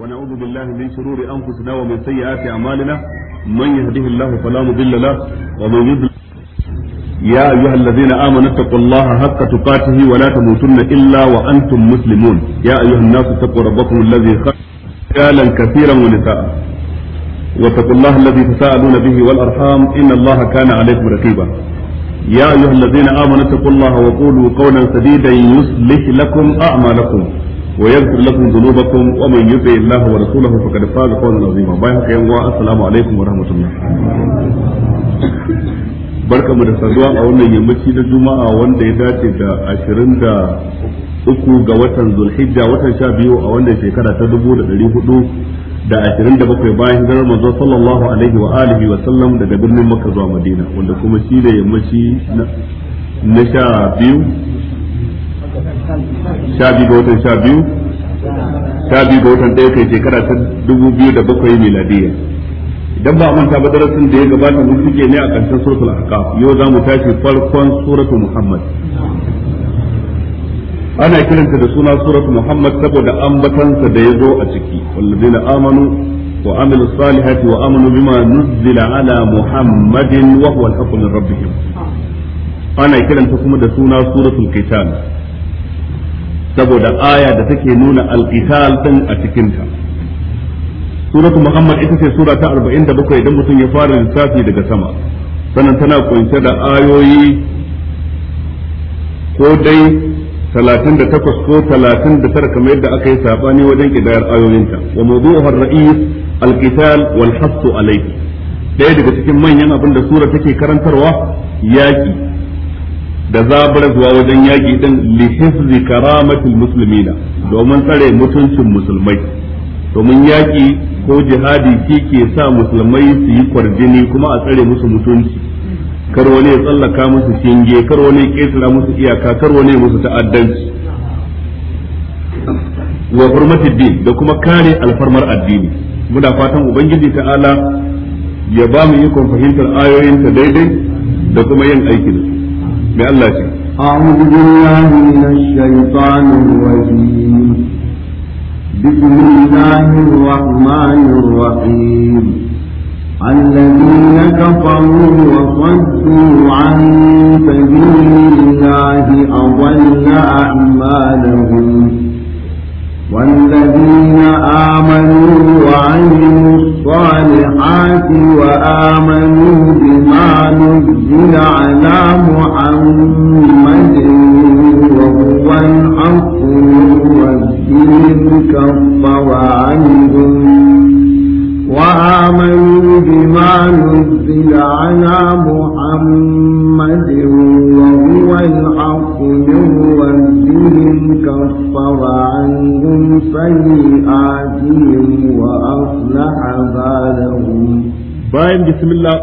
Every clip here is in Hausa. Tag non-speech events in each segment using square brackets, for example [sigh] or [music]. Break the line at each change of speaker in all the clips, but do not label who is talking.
ونعوذ بالله من شرور أنفسنا ومن سيئات أعمالنا من يهده الله فلا مضل له ومن يضلل يا أيها الذين آمنوا اتقوا الله حق تقاته ولا تموتن إلا وأنتم مسلمون يا أيها الناس اتقوا ربكم الذي خلق رجالا كثيرا ونساء واتقوا الله الذي تساءلون به والأرحام إن الله كان عليكم رقيبا يا أيها الذين آمنوا اتقوا الله وقولوا قولا سديدا يصلح لكم أعمالكم ويغفر لكم ذنوبكم ومن يطع الله ورسوله فقد فاز فوزا عظيما باي haka yan assalamu alaikum wa rahmatullah barkamu da saduwa a wannan yammaci na juma'a wanda ya dace da ashirin da uku ga watan zulhijja watan sha biyu a wannan shekara ta dubu da ɗari hudu da ashirin da bakwai bayan hijirar manzo sallallahu alaihi wa alihi wa sallam daga birnin makka zuwa madina wanda kuma shi da yammaci na sha biyu sha biyu ga watan sha biyu sha biyu ga watan ɗaya kai shekara ta dubu biyu da bakwai miladiyya idan ba manta ba darasin da ya gabata mun suke ne a ƙarshen suratul ahqaf yau za mu tashi farkon suratul muhammad ana kiranta da suna suratu muhammad saboda ambatansa da ya zo a ciki wallazina amanu wa amilu salihati wa amanu bima nuzzila ala muhammadin wa huwa alhaqqu min rabbihim ana kiranta kuma da suna suratul qital saboda aya da take nuna alqital din a cikin ta suratu muhammad ita ce sura ta 47 idan mutum ya fara lissafi daga sama sannan tana kunshe da ayoyi ko dai talatin da takwas ko talatin da tara kamar yadda aka yi saɓani wajen kidayar ayoyinta wa mawdu'uhar ra'is alqital wal hasu alayhi daya daga cikin manyan abin da sura take karantarwa yaki da zuwa wajen yaƙi din li hifzi karamati muslimina domin tsare mutuncin musulmai domin yaƙi ko jihadi shi ke sa musulmai su yi kwarjini kuma a tsare musu mutunci kar wani ya tsallaka musu shinge kar wani ya ƙetara musu iyaka kar wani ya musu ta'addanci wa hurmati din da kuma kare alfarmar addini muna fatan ubangiji ta'ala ya ba mu ikon fahimtar ayoyin daidai da kuma yin aikin su mai Allah ce أعوذ بالله من الشيطان الرجيم
بسم الله الرحمن الرحيم الذين كفروا وصدوا عن سبيل الله أضل أعمالهم والذين آمنوا وعملوا الصالحات وآمنوا بما نزل على محمد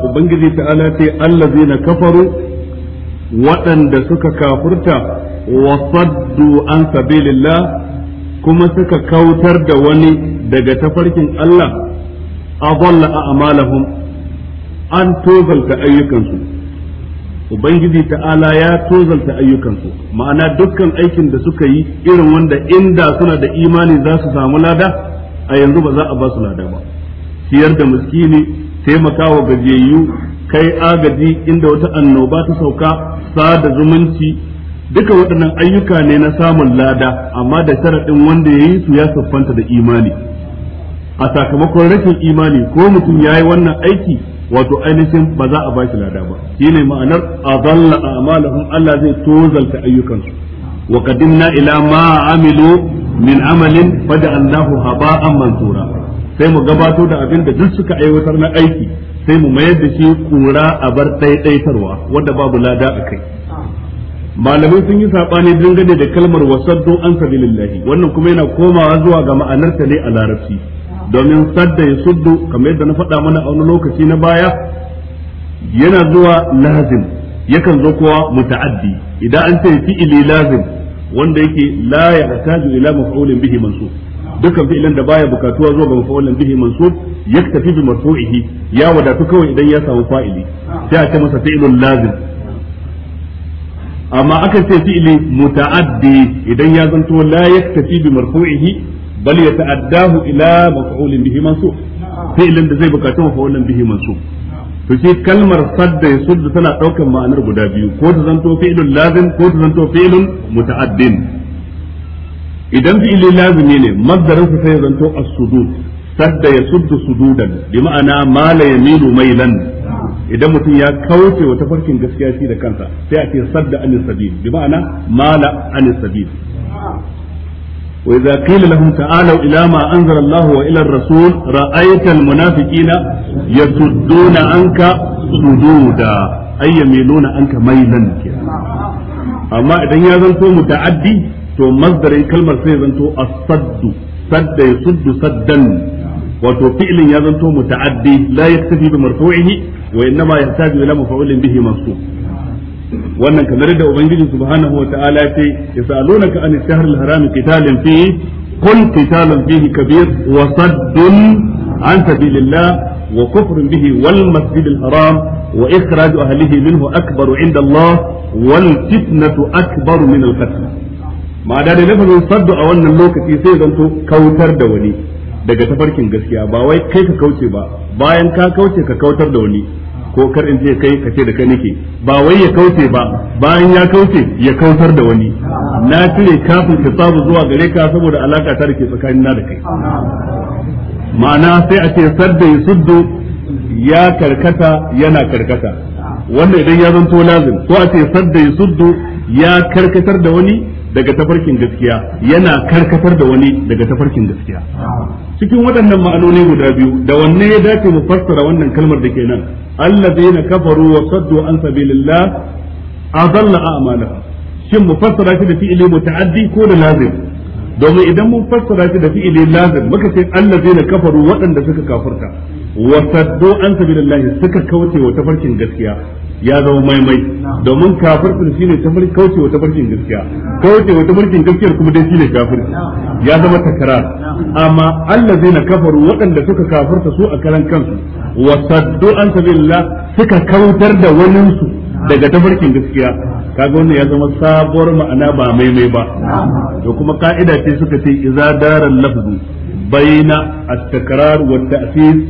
ubangiji ta'ala ce na kafaru waɗanda suka kafurta wa saddu an sabilillah kuma suka kautar da wani daga tafarkin Allah a a'malahum an tozalta ayyukansu ubangiji ta'ala ya tozalta ayyukansu ma'ana dukkan aikin da suka yi irin wanda inda suna da imani za su samu lada a yanzu ba za a ba su lada ba siyar da miskini taimakawa gajiyayyu kai agaji inda wata annoba ta sauka sada zumunci duka waɗannan ayyuka ne na samun lada amma da sharaɗin wanda ya yi su ya siffanta da imani a sakamakon rashin imani ko mutum ya yi wannan aiki wato ainihin ba za a bashi lada ba shine ma'anar azalla a'malahum Allah zai tozalta ayyukansu wa qadimna ila ma amilu min amalin faja'alnahu haba'an mansura sai mu gabato da abin da duk suka aiwatar na aiki sai mu mayar da shi kura a bar ɗaiɗaitarwa wanda babu lada a kai malamai sun yi saɓani dangane da kalmar wasaddu an sabilillahi wannan kuma yana komawa zuwa ga ma'anarta ne a larabci domin sadda ya suddu kamar yadda na faɗa mana a wani lokaci na baya yana zuwa lazim yakan zo mu muta'addi idan an ce fi'ili lazim wanda yake la ya ila maf'ulin bihi mansub dukkan fi'ilin da baya bukatuwa zuwa ga mafa'ulin bihi mansub yaktafi bi marfu'ihi ya wadatu kawai idan ya samu fa'ili sai a ce masa fi'ilun lazim amma akan ce fi'ili muta'addi idan ya zanto la yaktafi bi marfu'ihi bal yata'addahu ila maf'ulin bihi mansub fi'ilin da zai bukatu mafa'ulin bihi mansub to shi kalmar sadda ya sudda tana daukan ma'anar guda biyu ko ta zanto fi'ilun lazim ko ta zanto fi'ilun muta'addin idan fi'ili lazimi ne mazdarin sa sai zanto as-sudud sadda ya yasuddu sududan bi ma'ana ma la yamilu mailan idan mutum ya kauce wata farkin gaskiya shi da kansa sai a ce sadda anis sabil bi ma'ana mala anis sabil wa idza qila lahum ta'alu ila ma anzala Allah wa ila ar-rasul ra'aita al-munafiqina yasudduna anka sududa ay yamiluna anka mailan amma idan ya zanto muta'addi to mazdare kalmar sai zanto as-saddu sadda yasuddu saddan wato fi'lin ya zanto muta'addi la yaktafi bi marfu'ihi wa innama yahtaju ila mafa'ulin bihi mansub wannan kamar da ubangiji subhanahu wa ta'ala ya ce yasalunaka an ash-shahr al-haram qitalan fi kun qitalan kabir wa saddin an sabilillah wa kufrun bihi wal masjid al-haram wa ikhraju ahlihi minhu akbaru 'inda Allah wal fitnatu akbaru min al ma da lafazin saddu a wannan lokaci sai zanto kautar da wani daga tafarkin gaskiya ba wai kai ka kauce ba bayan ka kauce ka kautar da wani ko kar in ce kai ka ce da kai nake ba wai ya kauce ba bayan ya kauce ya kautar da wani na cire kafin ka sabu zuwa gare ka saboda alaka ta dake tsakanin na da kai ma'ana sai a ce sadda ya suddu ya karkata yana karkata wanda idan ya zanto lazim ko a ce sadda ya suddu ya karkatar da wani daga tafarkin gaskiya yana karkatar da wani daga tafarkin gaskiya cikin waɗannan ma'anoni guda biyu da wanne ya dace mu fassara wannan kalmar da ke nan na kafaru wa saddu an sabilillah adalla a'malahum shin mu fassara shi da fi'ili muta'addi ko da lazim domin idan mun fassara shi da fi'ili lazim muka ce na kafaru waɗanda suka kafirta wa saddu an sabilillah suka kauce tafarkin gaskiya ya zama maimai domin kafircin shine ta farkin kaucewa ta farkin gaskiya kaucewa ta farkin gaskiyar kuma dai shine kafirci ya zama takara amma Allah zai na kafaru waɗanda suka kafirta su a kalan kansu wa saddu an sabilillah suka kautar da waninsu daga tafarkin gaskiya kaga wannan ya zama sabuwar ma'ana ba maimai ba to kuma ka'ida ce suka ce idza daral lafzu baina at-takrar wa at-ta'sis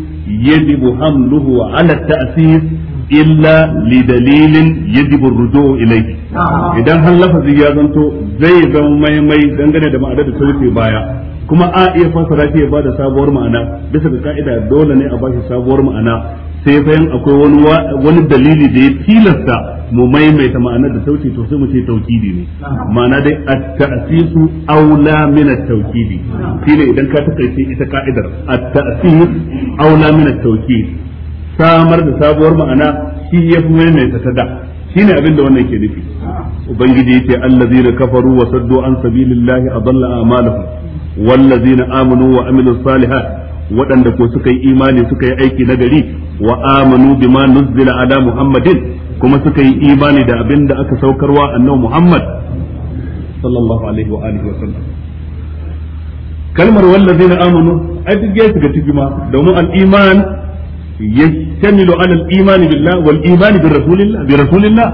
yajibu hamluhu ala at-ta'sis illa li dalilin yajibu ar ilayhi ah. idan har lafazi ya zanto zai zama maimai dangane da ma'anar da ta baya kuma a iya fasara shi ya bada sabuwar ma'ana bisa ga ka'ida dole ne a bashi sabuwar ma'ana sai bayan akwai wani wani dalili da ya tilasta mu maimaita ma'anar da sauti to sai mu ce tauhidi ne ah. ma'ana dai at-ta'sisu aula min at-tauhidi ah. shine idan ka takaice ita ka'idar at-ta'sis aula min at-tauhidi samar da sabuwar ma'ana shi ya fi maimaita ta da shine abin da wannan ke nufi ubangiji yace allazina kafaru wa saddu an sabilillahi adalla a'malahum wallazina amanu wa amilus salihat waɗanda ko suka yi imani suka yi aiki nagari wa amanu bima nuzzila ala muhammadin kuma suka yi imani da abin da aka saukarwa annabi muhammad sallallahu alaihi wa alihi wa sallam kalmar wallazina amanu ai duk ya shiga ma domin al-iman yashtamilu ala al-iman billah wal iman bi rasulillah bi rasulillah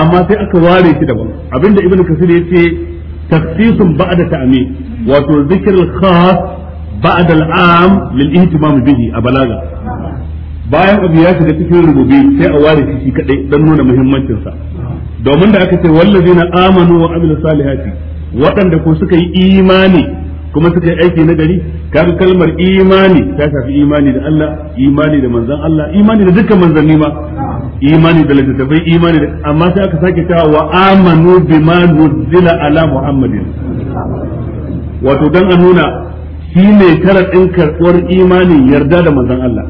amma sai aka ware shi daban abinda ibn kasir yace takhsisun ba'da ta'mi wato zikr al-khas ba'da al-am lil ihtimam bihi a balaga bayan abu ya shiga cikin rububi sai a ware shi kaɗai don nuna muhimmancinsa domin da aka ce wallazina amanu wa amilu salihati waɗanda ko suka yi imani kuma suka yi aiki na gari kaga kalmar imani ta shafi imani da Allah imani da manzon Allah imani da dukkan manzanni ma imani da littattafai imani da amma sai aka sake cewa wa amanu bima nuzila ala muhammadin wato dan a nuna shi ne karaɗin karɓuwar imanin yarda da manzon Allah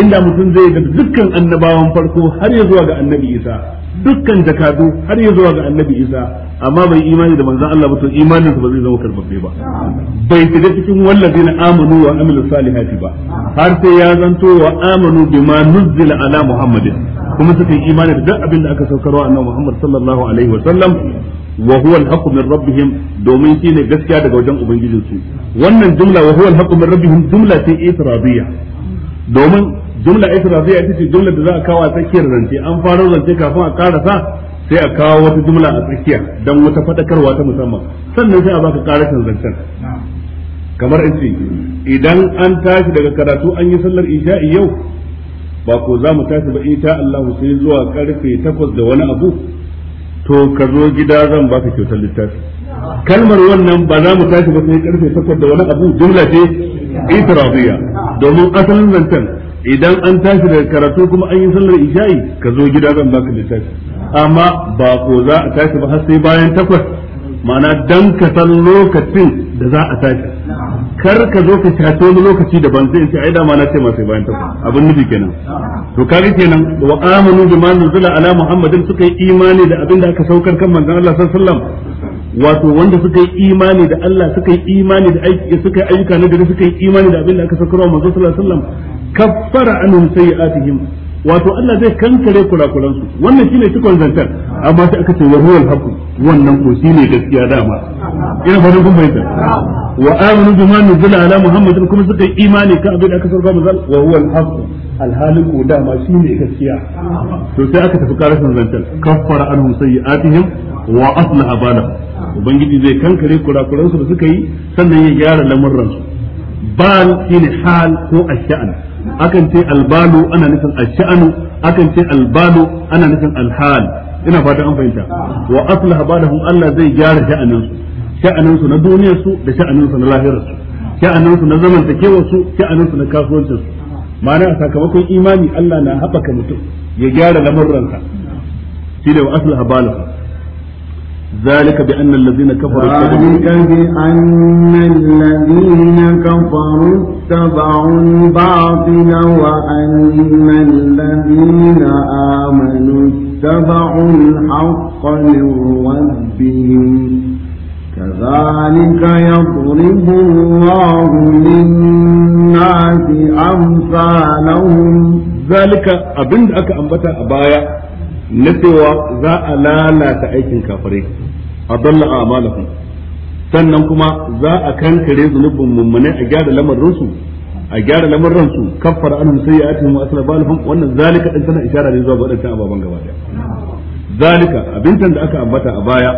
inda mutum zai da dukkan annabawan farko har ya zuwa ga annabi Isa dukkan jakadu har ya zuwa ga annabi isa amma bai imani da manzon Allah ba to imanin ba zai zama karbabbe ba bai shiga cikin wallazina amanu wa amilu salihati ba har sai ya zanto wa amanu bima nuzila ala muhammadin kuma suka yi imani da duk abin da aka saukarwa annabi muhammad sallallahu alaihi wa sallam wa huwa al-haqqu min rabbihim domin shine gaskiya daga wajen ubangijinsu wannan jumla wa huwa al-haqqu min rabbihim jumla ce itiradiyya domin jumla israfiya ita ce jumla da za a kawo a tsakiyar zance an fara zance kafin a karasa sai a kawo wata jumla a tsakiya don wata fadakarwa ta musamman sannan sai a baka karashin zancen kamar in ce idan an tashi daga karatu an yi sallar isha'i yau ba ko za mu tashi ba ita Allahu sai zuwa karfe takwas da wani abu to ka zo gida zan baka kyautar littafi kalmar wannan ba za mu tashi ba sai karfe takwas da wani abu jumla ce
itiradiyya domin
asalin zancen idan an tashi daga karatu kuma an yi sallar isha'i ka zo gida zan baka littafi amma ba ko za a tashi ba har sai bayan takwas ma'ana dan ka san lokacin da za a tashi kar ka zo ka tace wani lokaci daban sai ce ai da ma na ce ma sai bayan takwas abin nufi kenan to kaga kenan wa amanu bima nuzila ala muhammadin suka yi imani da abin da aka saukar kan manzon Allah sallallahu alaihi wasallam wato wanda suka yi imani da Allah suka yi imani da aiki suka yi ayyuka na gari suka yi imani da abin da aka saukar wa manzon sallallahu alaihi wasallam kaffara anhum sayi'atihim wato Allah zai kankare kurakuransu wannan shine cikon zantar amma sai aka ce wa huwal haqq wannan ko ne gaskiya dama ina fatan kun fahimta wa amanu bima nuzila ala muhammadin kuma suka yi imani kan abin da aka sarfa manzal wa huwa al-haq ko dama ne gaskiya to sai aka tafi karashin zantar kaffara anhum sayyi'atihim wa aslaha balahum ubangiji zai kankare kurakuran su da suka yi sannan ya gyara lamurran su bal shine hal ko ash'an akan ce albalu ana nufin ash'anu akan ce albalu ana nufin alhal ina fatan an fahimta wa aslaha balahum Allah zai gyara sha'anin su sha'anin su na duniyar su da sha'anin su na lahirar su sha'anin su na zamantakewar su sha'anin su na kasuwancin su ma'ana a sakamakon imani Allah na haɓaka mutum ya gyara lamurransa shi da wa aslaha balahum ذلك بأن الذين كفروا ذلك
بأن الذين كفروا اتبعوا الباطل وأن الذين آمنوا اتبعوا الحق من ربهم كذلك يضرب الله للناس أمثالهم
ذلك أبند أكا أنبتا أبايا نسوى ذا ألالا تأيكن كافرين أضل أعمالهم sannan kuma za a kankare zunubin mummune a gyara lamarinsu a gyara lamarin su kaffara anhum sayyi'atihim wa asla balahum wannan zalika din tana isharar ne zuwa ga ababen gaba daya zalika abin da aka ambata a baya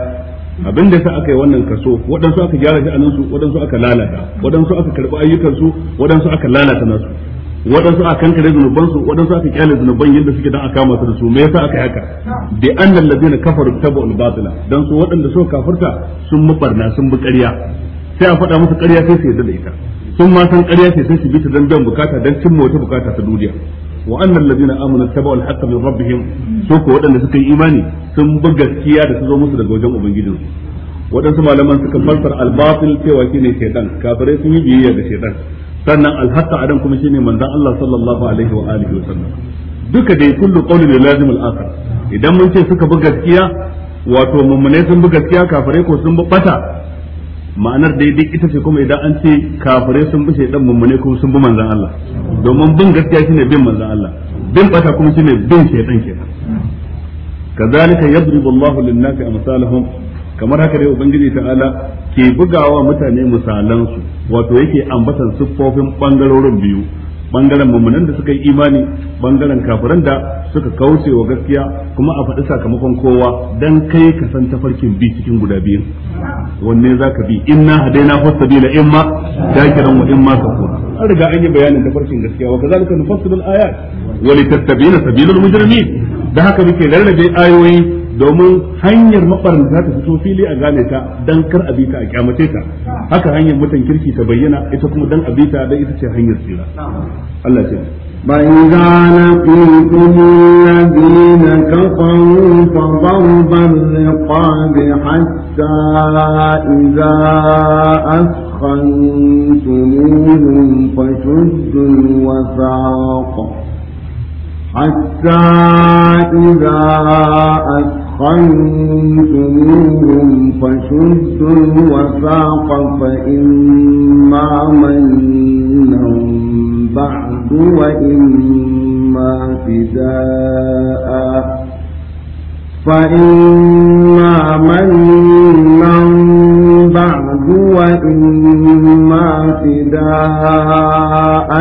abin da sa aka yi wannan kaso waɗansu aka gyara sha'anin su waɗansu aka lalata waɗansu aka karɓi ayyukan su waɗansu aka lalata nasu waɗansu aka kankare zunuban su waɗansu aka kyale zunuban yadda suke dan aka masu da su me yasa aka yi haka
annan
annal ladina kafaru tabu'ul batila dan su waɗanda suka kafarta sun mabarna sun bi ƙarya sai a faɗa musu ƙarya sai su yarda da ita sun ma san ƙarya ce sai su bi ta dan biyan bukata dan cimma wata bukata ta duniya wa annal ladina amanu tabu al haqq min rabbihim so ko waɗanda suka yi imani sun bi gaskiya da su zo musu daga wajen ubangijinsu waɗansu malaman suka fassar al-batil cewa shine shaytan kafirai sun yi biyayya da shaytan sannan al-haqq adan kuma shine manzon Allah sallallahu alaihi wa alihi wa sallam duka dai kullu qawlin lazim al-akhar idan mun ce suka bi gaskiya wato mummune sun bi gaskiya kafirai ko sun bi bata ma'anar dai duk ita ce kuma idan an ce kafirai sun bi shaidan mummune kuma sun bi manzan Allah domin bin gaskiya shine bin manzan Allah bin bata kuma shine bin shaidan kenan kazalika yadribu Allahu lin-nasi amsalahum kamar haka dai ubangiji ta'ala ke bugawa mutane misalan su wato yake ambatan siffofin bangarorin biyu bangaren mummunan da suka yi imani bangaren kafiran da suka kauce wa gaskiya kuma a faɗi sakamakon kowa dan kai ka san tafarkin bi cikin guda biyun wanne za ka bi inna hadaina fasabila imma dakiran wa imma kuma an riga an yi bayanin tafarkin gaskiya wa kazalika nufassilu al-ayat wa litattabi'ina sabilul mujrimin da haka muke rarrabe ayoyi domin hanyar za ta fito fili a gane ta dan kar a bita a kyamace ta haka hanyar mutan kirki ta bayyana ita kuma dan a bita dan ita ce hanyar tsira Allah ya فإذا لقيتم الذين كفروا فضرب الرقاب
حتى إذا أثخنتموهم فشدوا الوثاق حتى إذا أثخنتموهم أثخنتموهم فشدوا الوثاق فإما منا بعد وإما فداء فإما منا بعد وإما فداء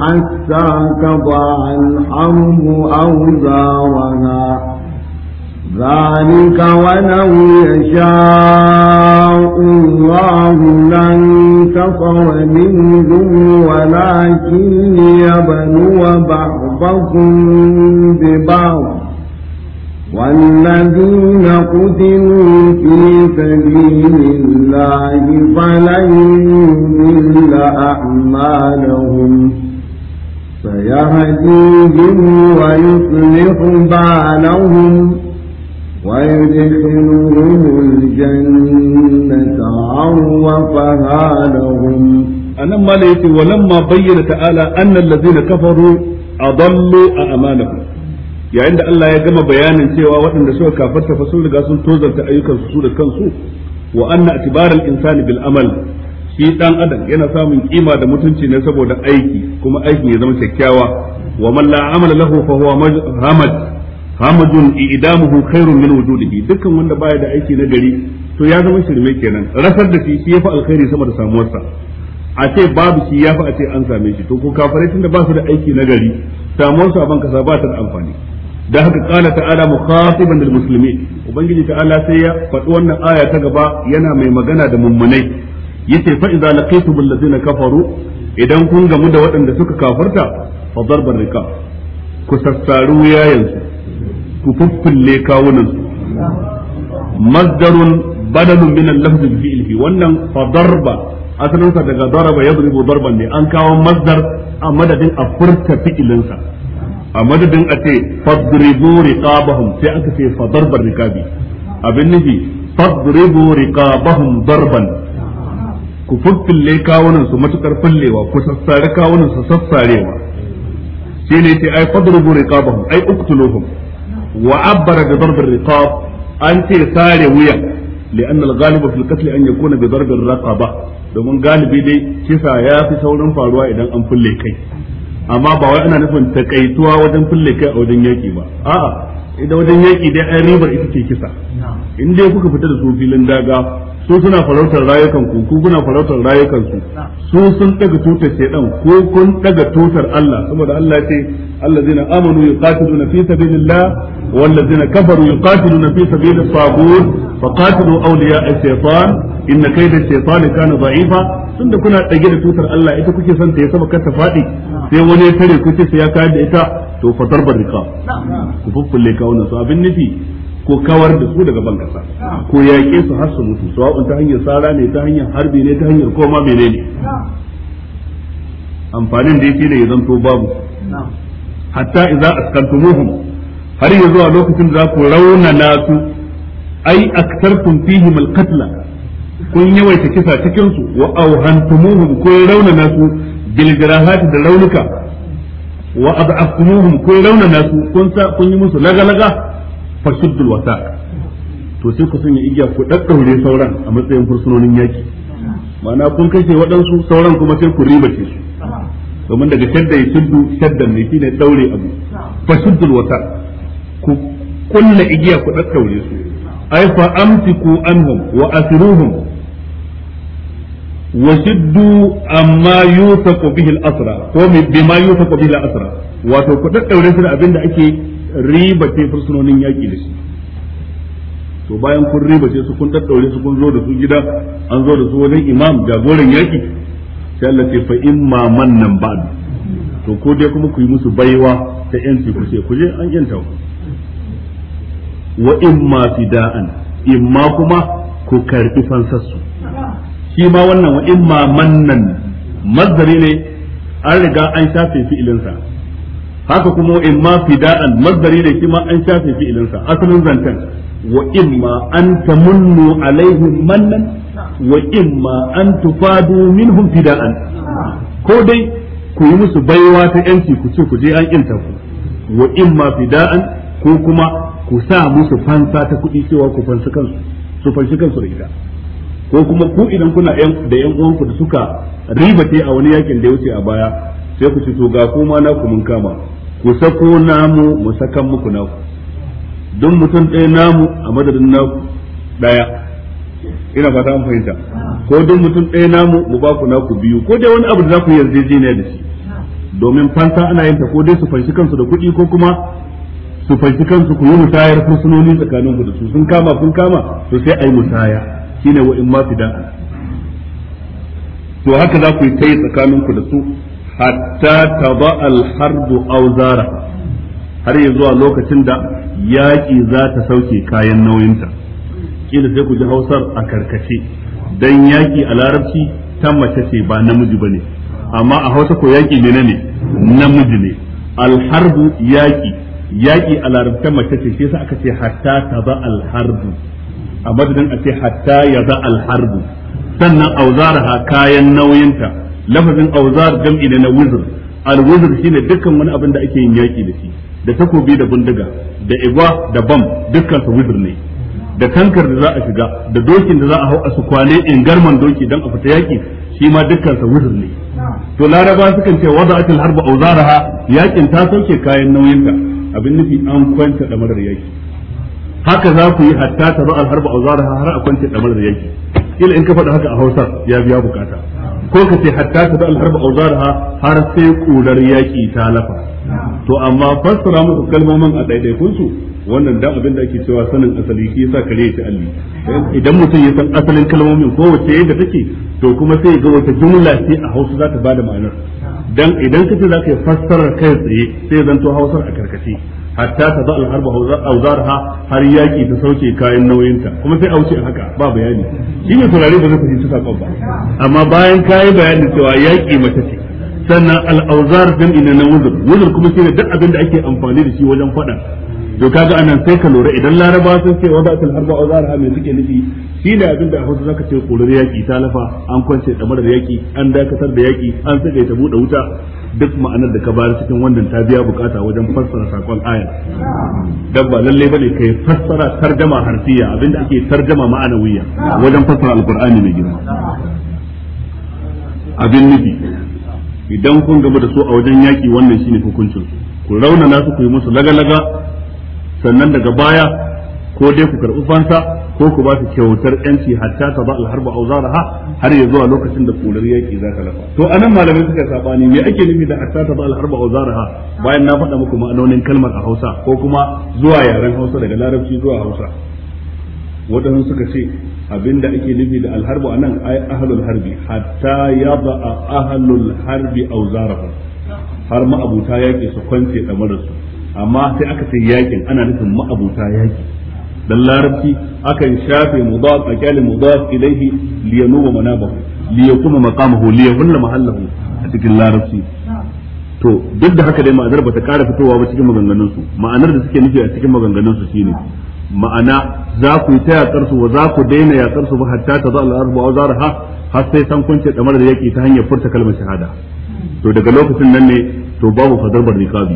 حتى تضع الحرب أوزارها ذلك ولو يشاء الله لانتصر منهم ولكن يبلو بعضكم ببعض والذين قتلوا في سبيل الله فلن يضل أعمالهم سيهديهم ويصلح بالهم ويدخلهم الجنة عرفها لهم
أنا ما ليتي ولما بين تعالى أن a كفروا أضلوا أمانهم yayin da Allah ya gama bayanin cewa waɗanda suka kafarta fa sun riga sun tozarta ayyukansu su da kansu wa anna atibaral insani bil amal shi ɗan adam yana samun kima da mutunci ne saboda aiki kuma aikin ya zama kyakkyawa wa man amala lahu fa huwa hamad hamadun idamuhu khairun min wujudihi dukkan wanda baya da aiki na gari to ya zama shirme kenan rasar da shi yafi alkhairi sama da samuwar sa a ce babu shi yafi a ce an same shi to ko kafare tunda ba su da aiki na gari samuwar su a ban kasa ba ta da amfani da haka kala ta'ala mukhatiban lil muslimin ubangiji ta'ala sai ya faɗi wannan aya ta gaba yana mai magana da mummunai yace fa idza bil ladina kafaru idan kun gamu da waɗanda suka kafarta fa darbar rikab ku sassaru yayansu su fuffulle kawunan su masdarun badalun min al-lafz fi'li wannan fa darba asalin sa daga daraba yadribu darban ne an kawo masdar a madadin a furta fi'ilin sa a madadin a ce fadribu riqabahum sai aka ce fa darba riqabi abin nufi fadribu riqabahum darban ku fuffulle kawunan su matukar fullewa ku sassare kawunan su sassarewa shine sai ai fadribu riqabahum ai uktuluhum wa abbara bi darb riqab an ce sare wuya لأن الغالب في القتل أن يكون بضرب الرقبة domin galibi dai kisa ya fi saurin faruwa idan an fulle kai amma ba wai ana nufin takaituwa wajen fulle kai a wajen yaki ba a'a idan wajen yaki dai an ribar ita ce kisa in dai kuka fita da su filin daga su suna farautar rayukanku ku kuna farautar rayukansu. su sun daga tutar shedan ko kun daga tutar Allah saboda Allah ya ce allazina amanu yuqatiluna fi sabilillah wallazina kafaru yuqatiluna fi sabilit taghut faqatilu awliya ash-shaytan inna kayda ash-shaytani kana da'ifa tunda kuna dage da tutar Allah ita kuke son ta ya saba kar fadi sai wani ya tare kuke ce sai ya kayar da ita to fatar barrika ku fuffulle kawunan su abin nufi ko kawar da su daga ban kasa ko yaƙe su har su mutu ta hanyar tsara ne ta hanyar harbi ne ta hanyar koma ne. amfanin da yake da ya zanto babu hatta idza askantumuhum har yanzu a lokacin da za ku raunana su ai aktartum fihim alqatla kun yawaita kisa cikin su wa ko kun raunana su Gilgira hati da raunuka wa ad'aftumuhum kun raunana su kun yi musu lagalaga fashuddul wasa to sai ku sanya igiya ku daddaure sauran a matsayin fursunonin yaki ma'ana kun kashe waɗansu sauran kuma sai ku ribace su domin daga shadda ya shuddu shaddan ne shine daure abu fashuddul wasa ku kulla igiya ku daddaure su ai fa amtiku anhum wa asiruhum وشدوا أما يوثق به الأسرى ko بما يوثق به الأسرى wato ku daddaure su da abinda ake riba ce fursunonin yaƙi da shi to bayan kun riba ce su kun daddaure su kun zo da su gida an zo da su wajen imam jagoran yaƙi sai Allah ce fa imma mannan ba to ko dai kuma ku yi musu baiwa ta yanci ku ce ku je an yanta ku wa imma fida'an ma kuma ku karbi fansarsu shi ma wannan wa in man mannan mazdari ne an riga an shafe fi'ilinsa haka kuma in ma fida'an masdari ne kima an shafe fi sa asalin zantan wa in ma an tamunnu alaihim mannan wa in ma an tufadu minhum fida'an ko dai ku yi musu baiwa ta yanci ku ce ku je an kinta ku wa in ma fida'an ko kuma ku sa musu fansa ta kuɗi cewa ku fansa kansu su fanshi kansu da ita ko kuma ku idan kuna da yan uwanku da suka ribate a wani yakin da ya wuce a baya sai ku ci to ga kuma na ku mun kama ku sako namu mu sakan muku naku don mutum ɗaya namu a madadin naku ɗaya ina fata an fahimta ko don mutum ɗaya namu mu ba ku naku biyu ko dai wani abu da za ku ne da shi domin fansa ana yin ta ko dai su fanshi kansu da kuɗi ko kuma su fanshi kansu ku yi musayar fursunoni tsakanin ku da su sun kama sun kama to sai a yi musaya shine wa'in in ma fida'a to haka za ku yi ta yi tsakanin ku da su hatta taba al-harbu auzara har ya zuwa lokacin da yaƙi za ta sauke kayan nauyinta kila sai ku ji hausar a karkace dan yaƙi a larabci ta mace ce ba namiji bane amma a hausa ko yaƙi ne ne namiji ne alharbu yaƙi yaƙi a larabta mace ce shi yasa aka ce hatta taba alharbu a madadin a ce hatta ya za alharbu sannan auzara kayan nauyinta lafazin auzar jam'i ne na wizr al shine dukkan wani abin da ake yin yaki da shi da takobi da bindiga da igwa da bam dukkan su wizr ne da tankar da za a shiga da dokin da za a hau a su kwane in garman doki dan a fita yaki shi ma dukkan sa wizr ne to laraba sukan ce wada'atul harba auzaraha yakin ta sauke kayan nauyinta abin nufi an kwanta damarar yaki haka za ku yi hatta ta harba harbu auzaraha har a kwanta damarar yaki kila in ka faɗa haka a Hausa ya biya bukata ko ka ce hatta ta da alharba auzarha har sai kurar yaki ta lafa to amma fassara musu kalmomin a ɗaiɗaikunsu su wannan da abin da ake cewa sanin asali shi yasa kare ta alli idan mutum ya san asalin kalmomin ko wace yadda take to kuma sai ga wata jumla ce a Hausa za ta bada ma'anar dan idan kace za ka yi fassarar kai tsaye sai zanto Hausar a karkace hatta ta za alharba auzarha har yaki ta sauke kayan nauyinta kuma sai auce haka ba bayani shi ne turare ba zai fahimci sakon ba amma bayan kayi bayanin cewa yaki mace ce sannan al'auzar jam'i ne na wuzur wuzur kuma shine duk abin da ake amfani da shi wajen faɗa to kaga anan sai ka lura idan laraba sun ce wada kal harba auzarha me suke nufi Shi shine abin da a zaka ce korar yaƙi ta lafa an kwance damarar yaƙi an dakatar da yaƙi an saka ta buɗe wuta duk ma'anar da ka bayar cikin wannan ta biya bukata wajen fassara sakon aya dan ba lalle bane kai fassara tarjama harfiya abinda ake tarjama ma'anawiya wajen fassara alqur'ani mai girma abin nufi idan kun gaba da su a wajen yaƙi wannan shine hukuncin ku raunana su ku yi musu laga-laga sannan daga baya ko dai ku karɓi fansa ko ku ba su kyautar yanci hatta ta ba alharba auzaraha har ya zuwa lokacin da kular yaki za ta lafa to anan malamai suka sabani me ake nufi da hatta ta ba alharba auzaraha bayan na faɗa muku ma'anonin kalmar a Hausa ko kuma zuwa yaren Hausa daga Larabci zuwa Hausa waɗansu suka ce abinda ake nufi da alharbu anan ai ahlul harbi hatta yaba ahlul harbi auzarahu har ma'abuta yaki su kwance da amma sai aka ce yakin ana nufin ma'abuta yaki dan larabci akan shafe mudaf a kyalin mudaf ilaihi liyanu wa manabahu li yakuma maqamahu mahallahu a cikin larabci to duk da haka dai ma'anar bata ƙara fitowa ba cikin maganganun su ma'anar da suke nufi a cikin maganganun su shine ma'ana za ku yi ta yakar su wa za ku daina yakar su ba hatta ta zalla arba wa ha, har sai san kunce ce damar da yake ta hanyar furta kalmar shahada to daga lokacin nan ne to babu fadar barnikabi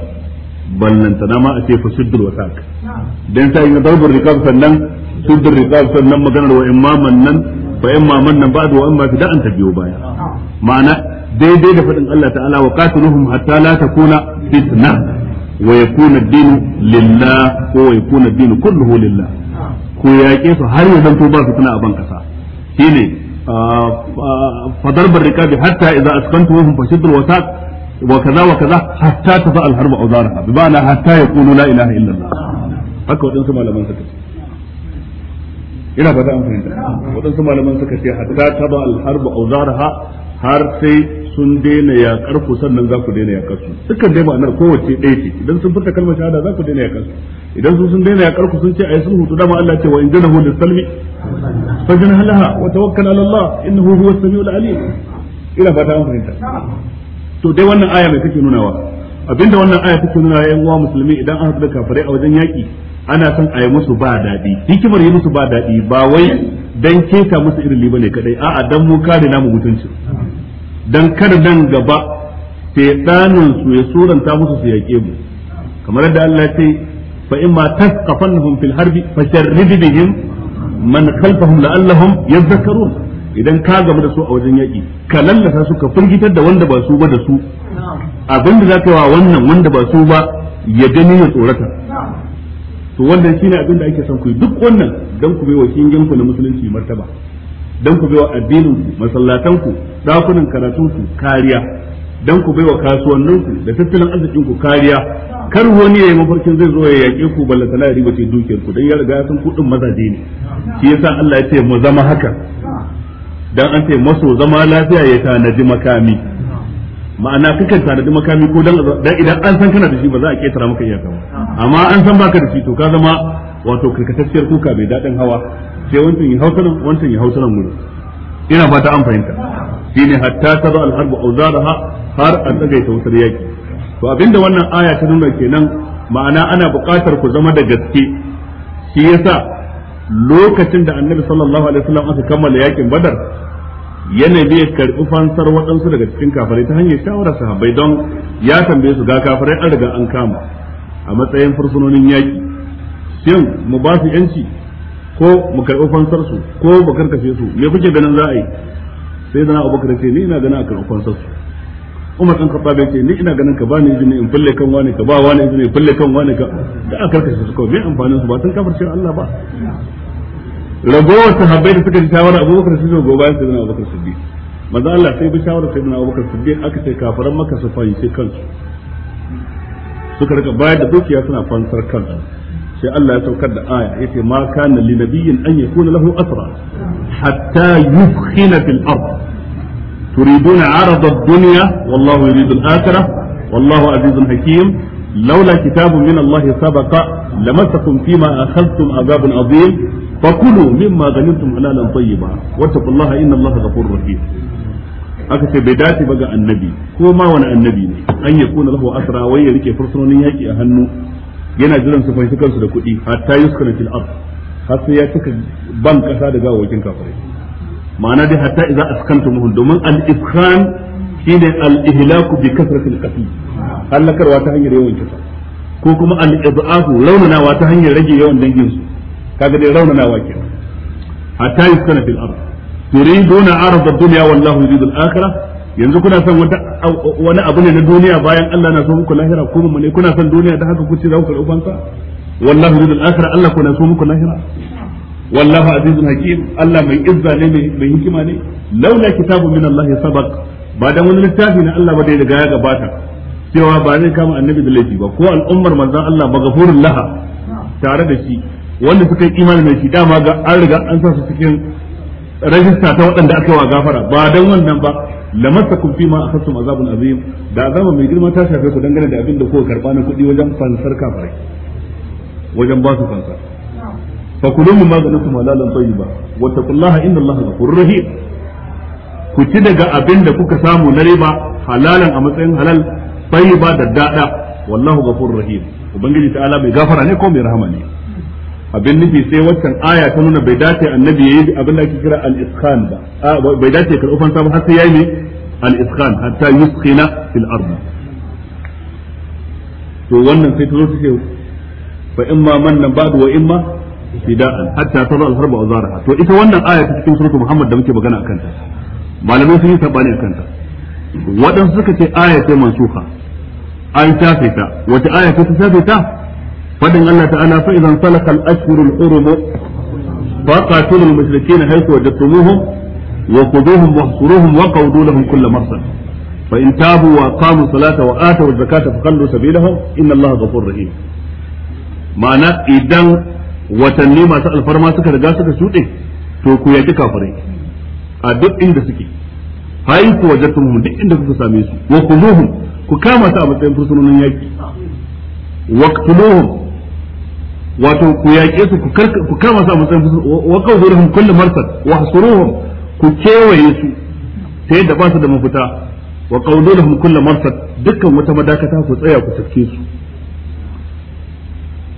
ballantana ma a ce fa suddur wa sak dan sai ga darbur riqab sannan suddur riqab sannan maganar wa imaman nan fa imaman nan ba'du wa amma fida'an ta biyo baya ma'ana daidai da fadin Allah ta'ala wa qatiluhum hatta la takuna fitna wa yakuna ad-din lillah ko wa yakuna ad-din kulluhu lillah ko yaƙe su har yanzu zanto ba su tana a ban kasa shine فضرب الركاب حتى إذا أسكنتموهم فشدوا الوثاق وكذا وكذا حتى تضع الحرب أوزارها بمعنى حتى يقولوا لا إله إلا الله haka waɗansu malaman suka ce ina ba an fahimta waɗansu malaman suka ce hatta ta ba alharba auzarha sun daina yaƙar ku sannan za ku daina yaƙar su dukkan dai ma'anar kowace ɗaya ce idan sun furta kalmar shahada za ku daina yaƙar su idan su sun daina sun ce ai sulhu to dama Allah ce wa in janahu lisalmi fajnah laha wa tawakkal ala Allah innahu huwas samiul alim ina ba an fahimta to dai wannan aya mai kake nunawa abinda wannan aya take nuna yan uwa musulmi idan aka da kafirai a wajen yaki ana son a yi musu ba daɗi hikimar yi musu ba daɗi ba wai dan keta musu irin liba ne kadai a'a dan mu kare namu mutunci dan kar nan gaba shedanin su ya suranta musu su yaƙe mu kamar da Allah ya ce fa imma tasqafannahum fil harbi fasharrid bihim man khalfahum la'allahum yadhakkarun idan ka gamu da su a wajen yaƙi ka lallasa su ka firgitar da wanda ba su ba da su abin da za ka wa wannan wanda ba su ba ya gani ya tsorata to wannan ne abin da ake son ku duk wannan dan ku bai wa kingin ku na musulunci martaba dan ku bai wa addinin ku masallatan ku dakunan karatun ku kariya dan ku bai wa kasuwannin ku da tattalin arzikin ku kariya kar wani ya yi mafarkin zai zo ya yake ku ballata la riba ce dukiyar ku dan ya riga ya san ku din mazaje ne shi yasa Allah ya ce mu zama haka dan an ce maso zama lafiya ya tanadi makami ma'ana kakan tanadi makami ko dan idan an san kana da shi ba za a ketara maka iyaka ba amma an san baka da shi to ka zama wato karkatacciyar kuka mai daɗin hawa sai wancan ya hausa nan wancan ya hausa nan gudu ina fata an fahimta shine hatta tada al-harbu awzaraha har an tsagaita wutar yaki to abinda wannan aya ta nuna kenan ma'ana ana buƙatar ku zama da gaske shi yasa lokacin da annabi sallallahu alaihi wasallam aka kammala yakin badar yana bai karɓi fansar waɗansu daga cikin kafirai ta hanyar shawara sahabbai don ya tambaye su ga kafirai an riga an kama a matsayin fursunonin yaƙi shin mu ba su yanci ko mu karɓi fansar su ko mu karkashe su me kuke ganin za a yi sai zana abubakar ce ni ina ganin a karɓi fansar su umar ɗan kafa bai ce ni ina ganin ka ba ni izini in fulle kan wani ka ba wani izini in fulle kan wani ka da a karkashe su kawai me amfanin su ba sun kafar Allah ba ragowar sahabbai da suka ji shawarar abubakar siddiq gobe abubakar manzo Allah sai bi shawarar sayyidina abubakar aka ce kafaran maka su fanshi kansu suka rika bayar da dukiya suna fansar kansu sai Allah ya saukar da aya yace ma kana li nabiyyin an yakuna lahu asra hatta yukhina fil ard turiduna arada ad-dunya wallahu yuridu al-akhirah wallahu azizun hakim laula كتاب من الله سبق لمسكم فيما أخذتم azabun عظيم fakulu mimma ganimtum halalan tayyiba wattaqullaha innallaha ghafurur rahim aka ce bai dace ba ga annabi ko ma wani annabi ne an kuna lahu asra wai ya rike fursunonin yaki a hannu yana jiran su fanshi kansu da kuɗi hatta yuskana fil ard har sai ya cika ban kasa da gawawakin kafirai ma'ana dai hatta idza askanta muhun domin al iskan shine al ihlaku bi kasratil ta hanyar yawan kisa ko kuma al raunanawa ta hanyar rage yawan dangin su kaga dai raunanawa kenan hatta yuskana fil ard turiduna arda dunya wallahu al akhirah yanzu kuna son wata wani abu ne na duniya bayan Allah na so muku lahira ko mun ne kuna son duniya da haka ku ce za ku karɓi fansa wallahu al akhirah Allah ko na so muku lahira wallahu azizun hakim Allah mai izza ne mai hikima ne laula kitabun min Allah sabaq ba da wani littafi na Allah ba da riga ya gabata cewa ba zai kama annabi da laifi ba ko al'ummar manzon Allah maghfurul laha tare da shi wanda suka yi imani da shi dama ga an riga an sa su cikin rajista ta waɗanda aka yi wa gafara ba dan wannan ba lamasta kun fi ma a akhadtum azabun azim da azaba mai girma ta shafe ku dangane da abin da kuka karba na kuɗi wajen fansar kafirai wajen ba su fansa fa kulu min ma ganatum halalan ba, wa taqullaha inna allaha ghafurur rahim ku ci daga abin da kuka samu na riba halalan a matsayin halal bai ba da dada wallahu ghafurur rahim ubangiji ta'ala bai gafara ne ko mai rahama ne abin nufi sai waccan aya ta nuna bai dace annabi yayi abin da ake kira al-iskhan ba bai dace ya karɓi fansa ba har sai yayi ne al-iskhan hatta yuskhina fil ard to wannan sai ta zo ta ce fa imma mannan ba'du wa imma fida'an hatta tara al-harb wa zaraha to ita wannan aya ta cikin suratul muhammad da muke magana akan ta malamai sun yi sabani akan ta waɗansu suka ce aya ce mansuha an shafe ta wata aya ce ta shafe ta Faɗin Allah ta'ala fa idan salaka al-ashhur al-hurum faqatul al-mushrikeena haythu wajadtumuhum wa quduhum wa hsuruhum wa qawdu lahum kull marsad fa in tabu wa aqamu salata wa inna ma'ana idan watanni masu alfarma suka riga suka shuɗe to ku yaki kafirai a duk inda suke hayi ku wajatum duk inda kuka same su wa ku kama su a matsayin fursunonin yaki waqtuluhum wato ku yaƙe su ku kama su a matsayin fusu wa kawzuruhum kullu marsad wa hasuruhum ku kewaye su ta yadda ba su da mafita wa qawluhum kullu marsad dukkan wata madakata ku tsaya ku tafke su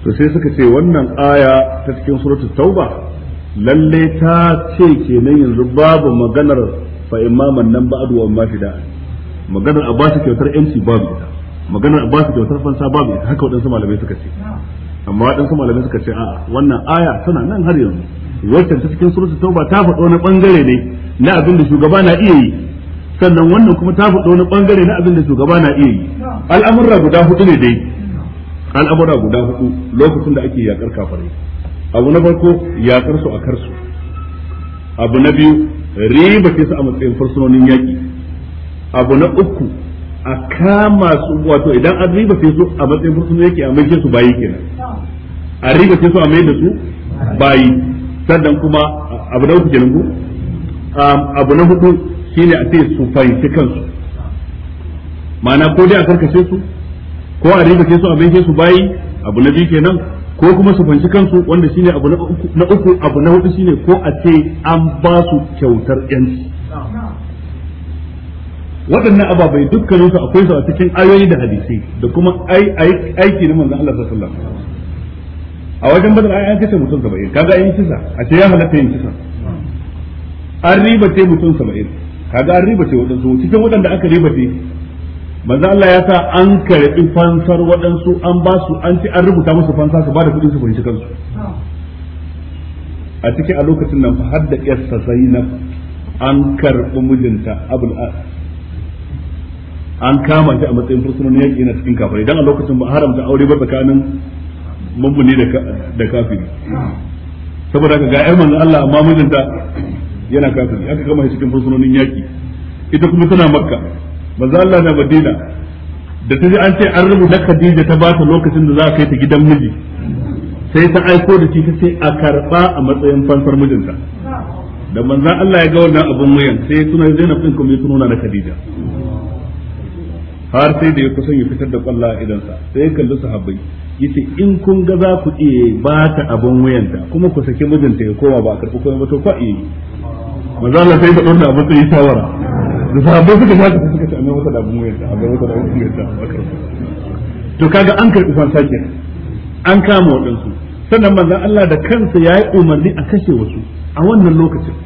to sai suka ce wannan aya ta cikin suratul tauba lalle ta ce kenan yanzu babu maganar fa imaman nan ba'du wa ma fida maganar a ba su kyautar yanci babu ita maganar a ba su kyautar fansa babu ita haka waɗansu malamai suka ce amma waɗansu malamai suka ce a'a wannan aya tana nan har yanzu wacce ta cikin surutu tauba ta faɗo wani ɓangare ne na abin da shugaba na iya yi sannan wannan kuma ta faɗo wani ɓangare na abin da shugaba na iya yi al'amurra guda hudu ne dai al'amurra guda hudu lokacin da ake yakar kafare abu na farko yakar su a karsu abu na biyu riba ke su a matsayin fursunonin yaƙi abu na uku a kama su wato idan an riba sai su a matsayin ne yake a mai su bayi kenan a riba sai su a mai da su bayi sannan kuma abu na hukun kenan abu na shi shine a ce su fahimci kansu ma'ana ko dai a karkashe su ko a riba su a mai su bayi abu na biyu kenan ko kuma su fanci kansu wanda shine abu na uku abu na hudu shine ko a ce an ba su kyautar yanci waɗannan ababai dukkanin su akwai su a cikin ayoyi da hadisi da kuma aiki na manzon Allah sallallahu alaihi wasallam a wajen badar ai an kace mutum 70 kaga an kisa a ce ya halatta yin kisa an ce mutum 70 kaga an ribace waɗansu cikin waɗanda aka ce manzon Allah ya sa an karɓi fansar waɗansu an ba su an ci an rubuta musu fansa su ba da kuɗin su fahimci kansu a cikin a lokacin nan fa hadda yassa zainab an karɓi mijinta abul an kama ta a matsayin fursunan yaƙi na cikin kafirai dan a lokacin ba haramta aure ba tsakanin mummuni da kafiri saboda haka ga ƴan Allah amma mijinta yana kafiri aka kama shi cikin fursunonin yaƙi ita kuma tana makka manzo Allah na Madina da ta ji an ce an rubuta Khadija ta ba ta lokacin da za a kai ta gidan miji sai ta aiko da shi ta ce a karba a matsayin fansar mijinta da manzan Allah ya ga wannan abun wuyan sai suna Zainab din kuma ya nuna na Khadija har sai da ya kusan ya fitar da kwallo a idansa sai ya kalli sahabbai yace in kun ga za ku iya ba ta abin wayanta kuma ku saki mijinta ya koma ba a karɓi komai ba to fa iya maza Allah sai ya faɗo da abin sai shawara da sahabbai suka sha ta suka ce amma wata da abin wuyanta a ga wata da abin wuyanta a karfi to kaga an karbi fansa kenan an kama waɗansu sannan manzo Allah da kansa ya yi umarni a kashe wasu a wannan lokacin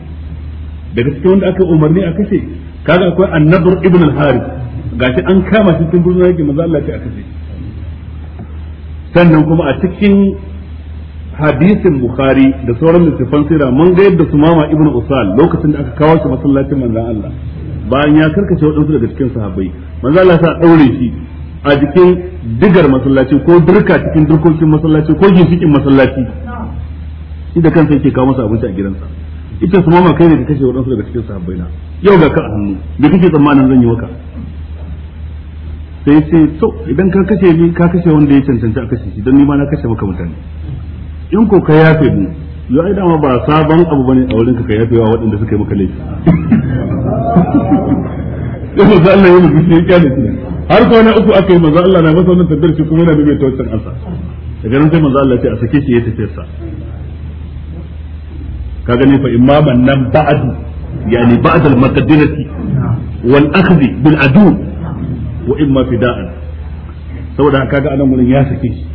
daga cikin wanda aka umarni a kashe kaga akwai annabur ibn al-harith gashi an kama shi cikin birnin yake manzo Allah ya kace sannan kuma a cikin hadisin bukhari da sauran littafan sirra mun ga yadda su mama ibnu usal lokacin da aka kawo shi masallacin manzo Allah bayan ya karkace su daga cikin sahabbai manzo Allah sa daure shi a jikin digar masallaci ko durka cikin dirkokin masallaci ko ginshikin masallaci shi da kansa yake kawo masa abinci a gidansa ita su mama kai ne ka kashe waɗansu daga cikin sahabbai na yau ga ka a hannu da kake tsammanin zan yi maka sai ce to idan ka kashe ni ka kashe wanda ya cancanci a kashe shi don ni ma na kashe maka mutane in ko ka yafe ni yo ai dama ba sabon abu bane a wurin ka ka yafe wa waɗanda suka yi maka laifi [laughs] sai manzo Allah ya mutu shi ya ne har kwana uku aka yi manzo Allah na masa wannan tabbar shi kuma yana bibiya tawakkal ansa daga nan sai manzo Allah ya ce a sake shi ya tafi sa ka gani fa imaman nan ba'du yani ba'd al-maqdirati wal akhdh bil adu wa imma fida'an saboda kaga anan mun ya sake shi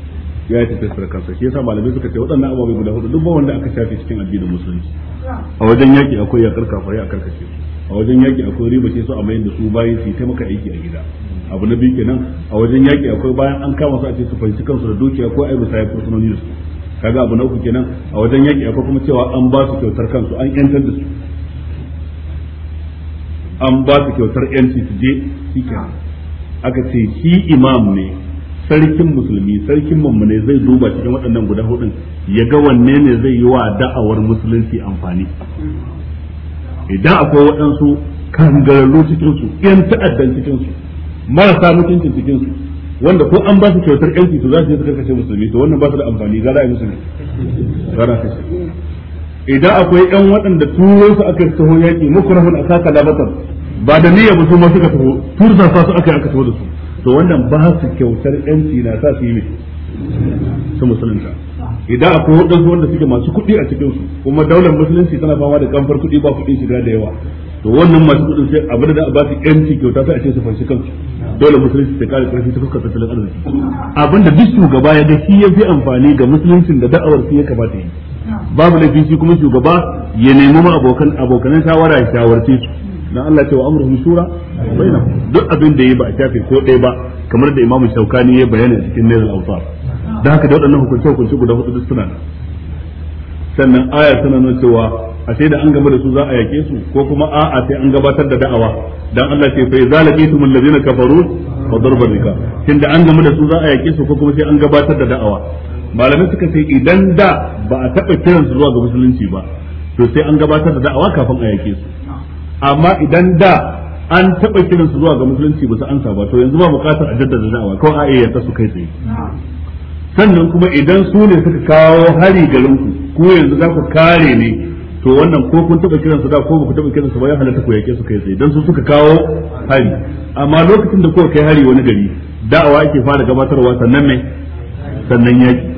ya yi tafiyar sa shi yasa malamai suka ce waɗannan ababai guda hudu duk wanda aka shafe cikin addinin musulunci a wajen yaki akwai yakar kafare a karkace a wajen yaki akwai riba ce su a mayar da su bayan su taimaka aiki a gida abu na biyu kenan a wajen yaki akwai bayan an kama su a ce su fahimci kansu da dukiya ko ai sa ya fursunoni da kaga abu na uku kenan a wajen yaki akwai kuma cewa an ba su kyautar kansu an yantar da su an ba su kyautar yanci su je shi kenan aka ce shi imam ne sarkin musulmi sarkin ne zai duba cikin waɗannan guda hudun ya ga wanne ne zai yi wa da'awar musulunci amfani idan akwai waɗansu kangararru cikinsu yan ta'addan cikinsu marasa mutuncin cikinsu wanda ko an ba su kyautar yanci to za su yi su karkashe musulmi to wannan ba su da amfani za a yi musulmi gara kashe idan akwai yan waɗanda tuwo su aka yi taho yaƙi a saka labatar ba da niyya ba su ma suka tafi turza sa su aka aka tafi da su to wannan ba su kyautar yanci na sa su yi mai su musulunta idan akwai waɗansu wanda suke masu kuɗi a cikin su kuma daular musulunci tana fama da kamfar kuɗi ba kuɗin shiga da yawa to wannan masu kuɗin sai abu da ba su yanci kyauta sai a ce su fanshi kansu dole musulunci ta kare ƙarfi ta fuskar tattalin arziki abin da duk shugaba ya ga shi ya fi amfani ga musuluncin da da'awar su ya kamata yi babu laifin shi kuma shugaba ya nemi ma abokan abokanan shawara ya shawarce su dan Allah ce wa amruhum shura bainahum duk abin da yi ba a shafe ko ɗaya ba kamar da Imam Shaukani ya bayani a cikin Nailul Awsar da haka da waɗannan hukunce hukunce guda hudu duk suna sannan aya tana nuna cewa a sai da an gama da su za a yake su ko kuma a'a sai an gabatar da da'awa dan Allah ce fa idza laqitum allazina kafaru fa darba rika da an gama da su za a yake su ko kuma sai an gabatar da da'awa malamai suka ce idan da ba a taɓa kiransu zuwa ga musulunci ba to sai an gabatar da da'awa kafin a yake su amma idan da an taɓa kiran su zuwa ga musulunci ba su ansa ba to yanzu ba buƙatar a jaddada da'awa kawai a iya ta su kai tsaye sannan kuma idan su ne suka kawo hari garin ku ko yanzu za ku kare ne to wannan ko kun taɓa kiran su da ko ba ku taɓa kiran su ba ya halatta ku yake su kai tsaye dan su suka kawo hari amma lokacin da kuka kai hari wani gari da'awa yake fara gabatarwa sannan mai sannan yaki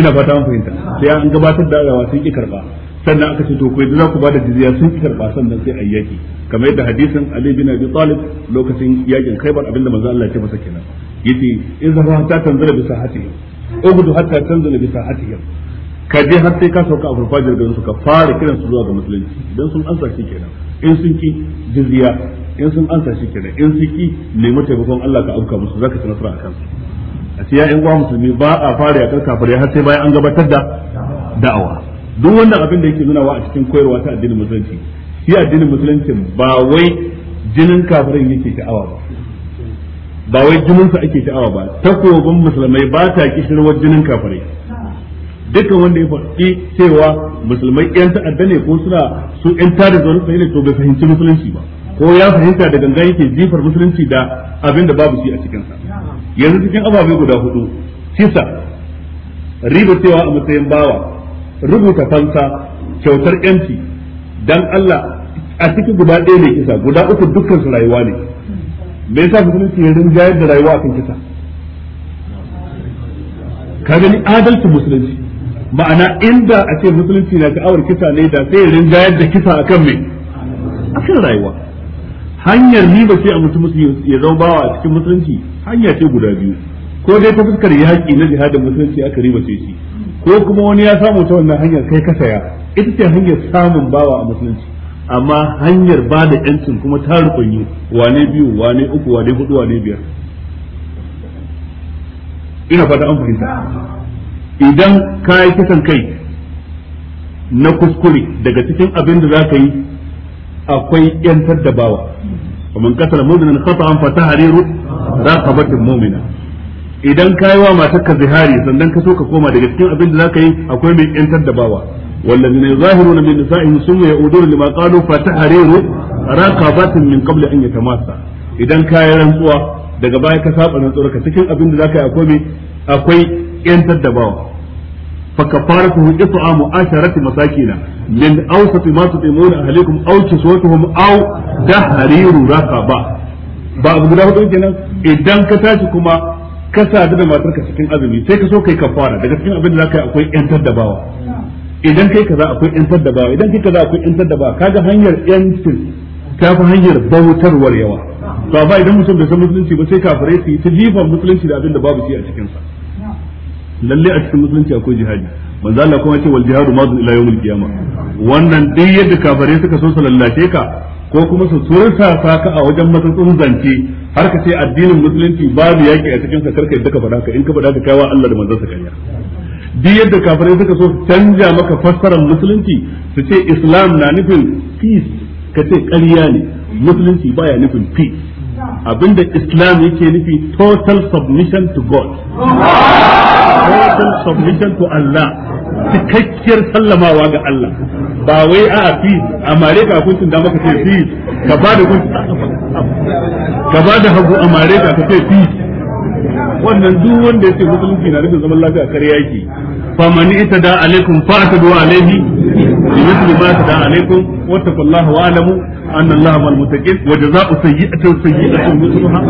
ina fata an fahimta sai an gabatar da'awa sun ki karba sannan aka ce to ku za ku bada jizya sun ki karba sannan sai ayi yaki kamar yadda hadisin Ali bin Abi Talib lokacin yakin Khaibar abinda manzo Allah ya ce masa kenan yace idza hatta tanzila bi sahatihim ugudu hatta tanzila bi sahatihim ka je har sai ka sauka a farfajiyar garin su ka fara kiran su zuwa ga musulunci idan sun ansa shi kenan in sun ki jizya in sun ansa shi kenan in sun ki nemi taimakon Allah ka auka musu zaka ci nasara akan su a ce ya ƴan uwa musulmi ba a fara yakar kafirai har sai bayan an gabatar da da'awa duk wannan abin da yake nuna wa a cikin koyarwa ta addinin musulunci shi addinin musulunci ba wai jinin kafirin yake sha'awa ba ba wai jinin sa ake sha'awa ba takobin musulmai ba ta kishirwar jinin kafirai dukkan wanda ya faɗi cewa musulmai yan ta'adda ne ko suna su yan tari zaune tsaye ne to bai fahimci musulunci ba ko ya fahimta da ganga yake jifar musulunci da abin da babu shi a cikinsa yanzu cikin ababe guda hudu kisa riba cewa a matsayin bawa rubuta fansa kyautar yanci dan Allah a cikin guda ɗaya ne kisa guda uku dukkan su rayuwa ne me yasa musulunci ya rinjayar da rayuwa akan kisa ka gani adalci musulunci ma'ana inda a ce musulunci na ta'awar kisa ne da sai rinjayar da kisa akan me akan rayuwa hanyar ni ba ce a mutum ya zama bawa a cikin musulunci hanya ce guda biyu ko dai ta fuskar yaƙi na jihadin musulunci aka riba ce shi ko kuma wani ya samu ta wannan hanyar kai ka saya ita ce hanyar samun bawa a musulunci amma hanyar ba da yancin kuma ta rukunyi wane biyu wane uku wane hudu wane biyar ina fata an fahimta idan ka yi kisan kai na kuskure daga cikin abin da za ka yi akwai yantar da bawa an fata hariru za ka رقبة mumina idan ka yi wa ka zihari sannan ka so ka koma daga cikin abin da zaka yi akwai mai yantar da bawa wallazina yuzahiruna min nisa'ihim udur li ma qalu fa tahriru raqabatin min qabl an yatamassa idan ka yi rantsuwa daga baya ka saba rantsuwar ka cikin abin da zaka yi akwai mai akwai yantar da bawa fa kafaratu it'amu asharati masakina min awsati ma tutimuna ahlikum aw kiswatuhum aw tahriru raqaba ba abu guda hudu kenan idan ka tashi kuma ka sadu da matarka cikin azumi sai ka so kai kafara daga cikin abin da zaka yi akwai yantar da bawa idan kai kaza akwai yantar da bawa idan kai kaza akwai yantar da bawa kaga hanyar yancin ta fi hanyar bautarwar yawa to ba idan mutum bai san musulunci ba sai kafare su yi ta jifan musulunci da abin da babu shi a cikin sa lalle a cikin musulunci akwai jihadi manzo Allah kuma ce wal jihadu mazun ila yawmil qiyamah wannan dai yadda kafare suka so su lallace ka ko kuma su tursafa ka a wajen matsatsun zance har ka ce addinin musulunci babu yaki a cikin ka karka yadda ka faɗa ka in ka faɗa ka kaiwa Allah da manzon sa kariya duk yadda kafirai suka so canja maka fassarar musulunci su ce islam na nufin peace ka ce ƙarya ne musulunci baya nufin peace abinda islam yake nufi total submission to god
total submission
to Allah cikakkiyar sallamawa ga Allah ba wai a fi a mare ka kuncin da maka ce fi ka ba da kuncin ka ba da hagu a mare ka ce fi wannan duk wanda yake musulunci na nufin zaman lafiya kare yaki fa man itada alaikum fa atadu alaihi bi mithli ma tada alaikum wattaqullaha wa alamu anna allaha ma'al muttaqin wa jazaa'u sayyi'atin sayyi'atin mithluha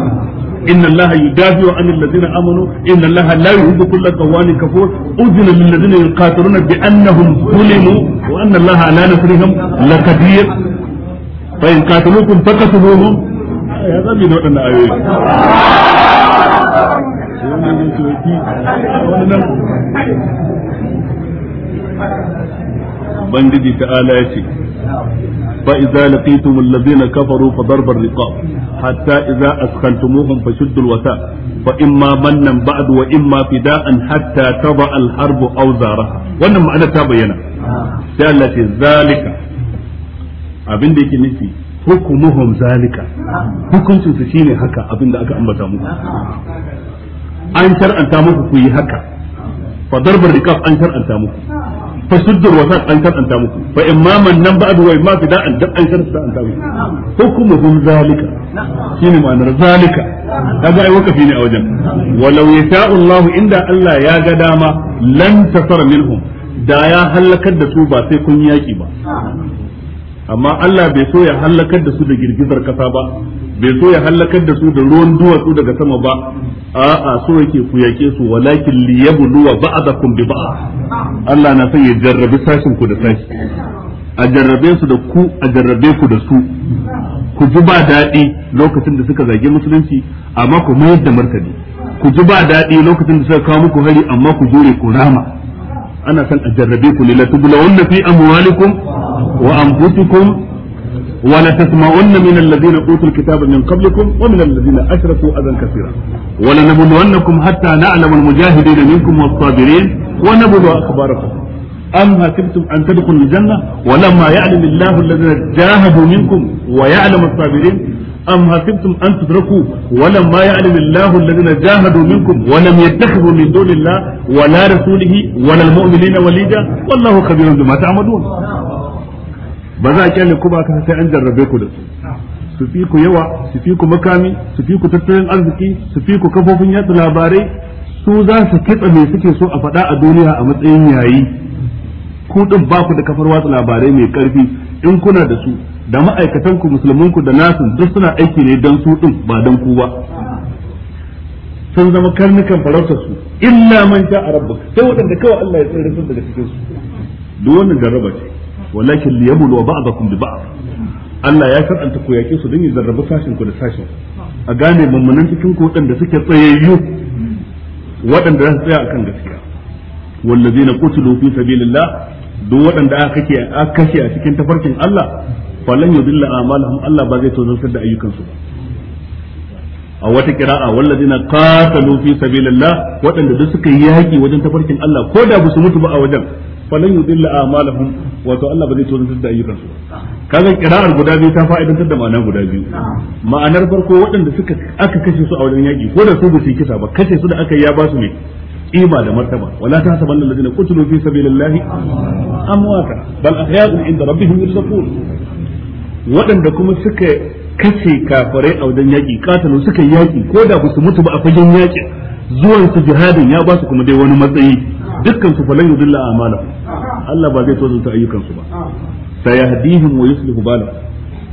inna allaha yudafi'u 'anil ladzina amanu inna allaha la yuhibbu kulla qawanin kafur udhina lil ladzina yuqatiluna bi annahum zulimu wa anna allaha ala nasrihim laqadir fa in ubangiji ta'ala ya ce fa idza laqitum alladhina kafaru fa darba riqab hatta idza askhantumuhum fashuddu alwasa fa imma mannan ba'd wa imma fida'an hatta taba alharb aw zaraha wannan ma'ana ta bayyana sai Allah ce zalika abin da yake nufi hukumuhum zalika hukuncin su shine haka abin da aka ambata muku an shar'anta muku ku yi haka fa darbar rikab an shar'anta muku fa suddur wasan an karanta muku fa imma man nan ba'du wa imma fi da'an dan an karanta
muku
hukumuhum zalika shine ma'anar zalika kaga ai wakafi ne a wajen walau yasha'u Allah inda Allah ya ga dama lan tasara minhum da ya halakar da su ba sai kun yaki ba amma Allah bai so ya halakar da su da girgizar kasa ba bai so ya halakar da su da ruwan duwatsu daga sama ba a'a so yake ku yake su walakin liyabluwa ba'dakum bi
ba'd
Allah na son ya jarrabi sashin ku da sashi a jarrabe su da ku a jarrabe ku da su
ku ji ba daɗi
lokacin da suka zage musulunci amma ku mayar da martani ku ji ba daɗi lokacin da suka kawo muku hari amma ku jure ku rama ana son a jarrabe ku ne la tubla wanna fi amwalikum وأنفسكم ولتسمعن من الذين أوتوا الكتاب من قبلكم ومن الذين أشركوا أذى كثيرا ولنبلونكم حتى نعلم المجاهدين منكم والصابرين ونبلو أخباركم أم حسبتم أن تدخلوا الجنة ولما يعلم الله الذين جاهدوا منكم ويعلم الصابرين أم حسبتم أن تتركوا ولما يعلم الله الذين جاهدوا منكم ولم يتخذوا من دون الله ولا رسوله ولا المؤمنين وليدا والله خبير بما تعملون ba za a kyale ku ba ka sai an jarrabe ku da su su fi ku yawa su fi ku makami su fi ku tattalin arziki su fi ku kafofin yatsa labarai su za su kitsa me suke so a faɗa a duniya a matsayin yayi ku din ba ku da kafar watsa labarai mai karfi in kuna da su da ma'aikatan ku musulmin ku da nasu duk suna aiki ne dan su din ba dan ku ba sun zama karnukan farautar su illa man ja'a rabbuka sai waɗanda kawai Allah ya tsare su daga cikin su duk wannan jarraba ce walakin liyabluwa ba'dakum bi ba'a. Allah ya karanta ku yake su don ya zarrabu sashin ku da sashin a gane mummunan cikin ku waɗanda suke tsayayyu waɗanda za su tsaya akan gaskiya wallazina qutilu fi sabilillah duk waɗanda aka kashe a cikin tafarkin Allah falan a a'malahum Allah ba zai tozartar da ayyukansu ba a wata kira'a wallazina kasa fi sabilillah waɗanda duk suka yi yaƙi wajen tafarkin Allah ko da ba su mutu ba a wajen falan yudilla a'malahum wato Allah ba zai tozantar da ayyukan su kaga kira'ar guda biyu ta fa'idantar da ma'ana guda biyu ma'anar farko waɗanda suka aka kashe su a wajen yaki ko da su ba su kisa ba kashe su da aka yi ya ba su ne kima da martaba wala ta saban alladhina qutilu fi sabilillahi amwata bal ahya'un inda rabbihim yurzaqun waɗanda kuma suka kace kafirai a wajen yaƙi katalu suka yaƙi ko da ba su mutu ba a fagen yaƙi zuwan su jihadin ya ba su kuma dai wani matsayi dukkan su falan yudilla a'malahum Allah ba zai tozunta ayyukan su ba
sayahdihim
wa yuslihu balahum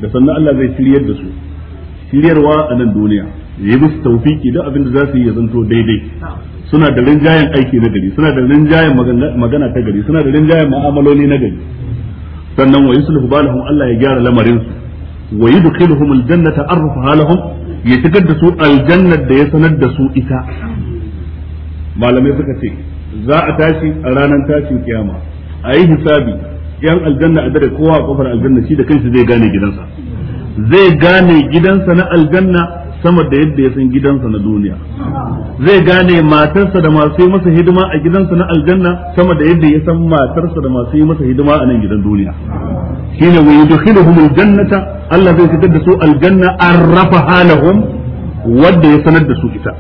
da sannan Allah zai shiryar da su shiryarwa a nan duniya yayi musu tawfiki da abin da za su yi ya zanto daidai suna da rinjayen aiki na gari suna da rinjayen magana ta gari suna da rinjayen ma'amaloli na gari sannan wa yuslihu balahum Allah ya gyara lamarin su wa yudkhiluhum aljannata arfaha lahum ya shigar da su aljannar da ya sanar da su ita malamai suka ce za a tashi a ranar tashin kiyama a yi hisabi yan aljanna a dare kowa a kofar aljanna shi da kansa zai gane gidansa zai gane gidansa na aljanna sama da yadda ya san gidansa na duniya zai gane matarsa da masu yi masa hidima a gidansa na aljanna sama da yadda ya san matarsa da masu yi masa hidima a nan gidan duniya shine wa yudkhiluhum aljannata Allah zai fitar da su aljanna arrafa halahum wanda ya sanar da su ita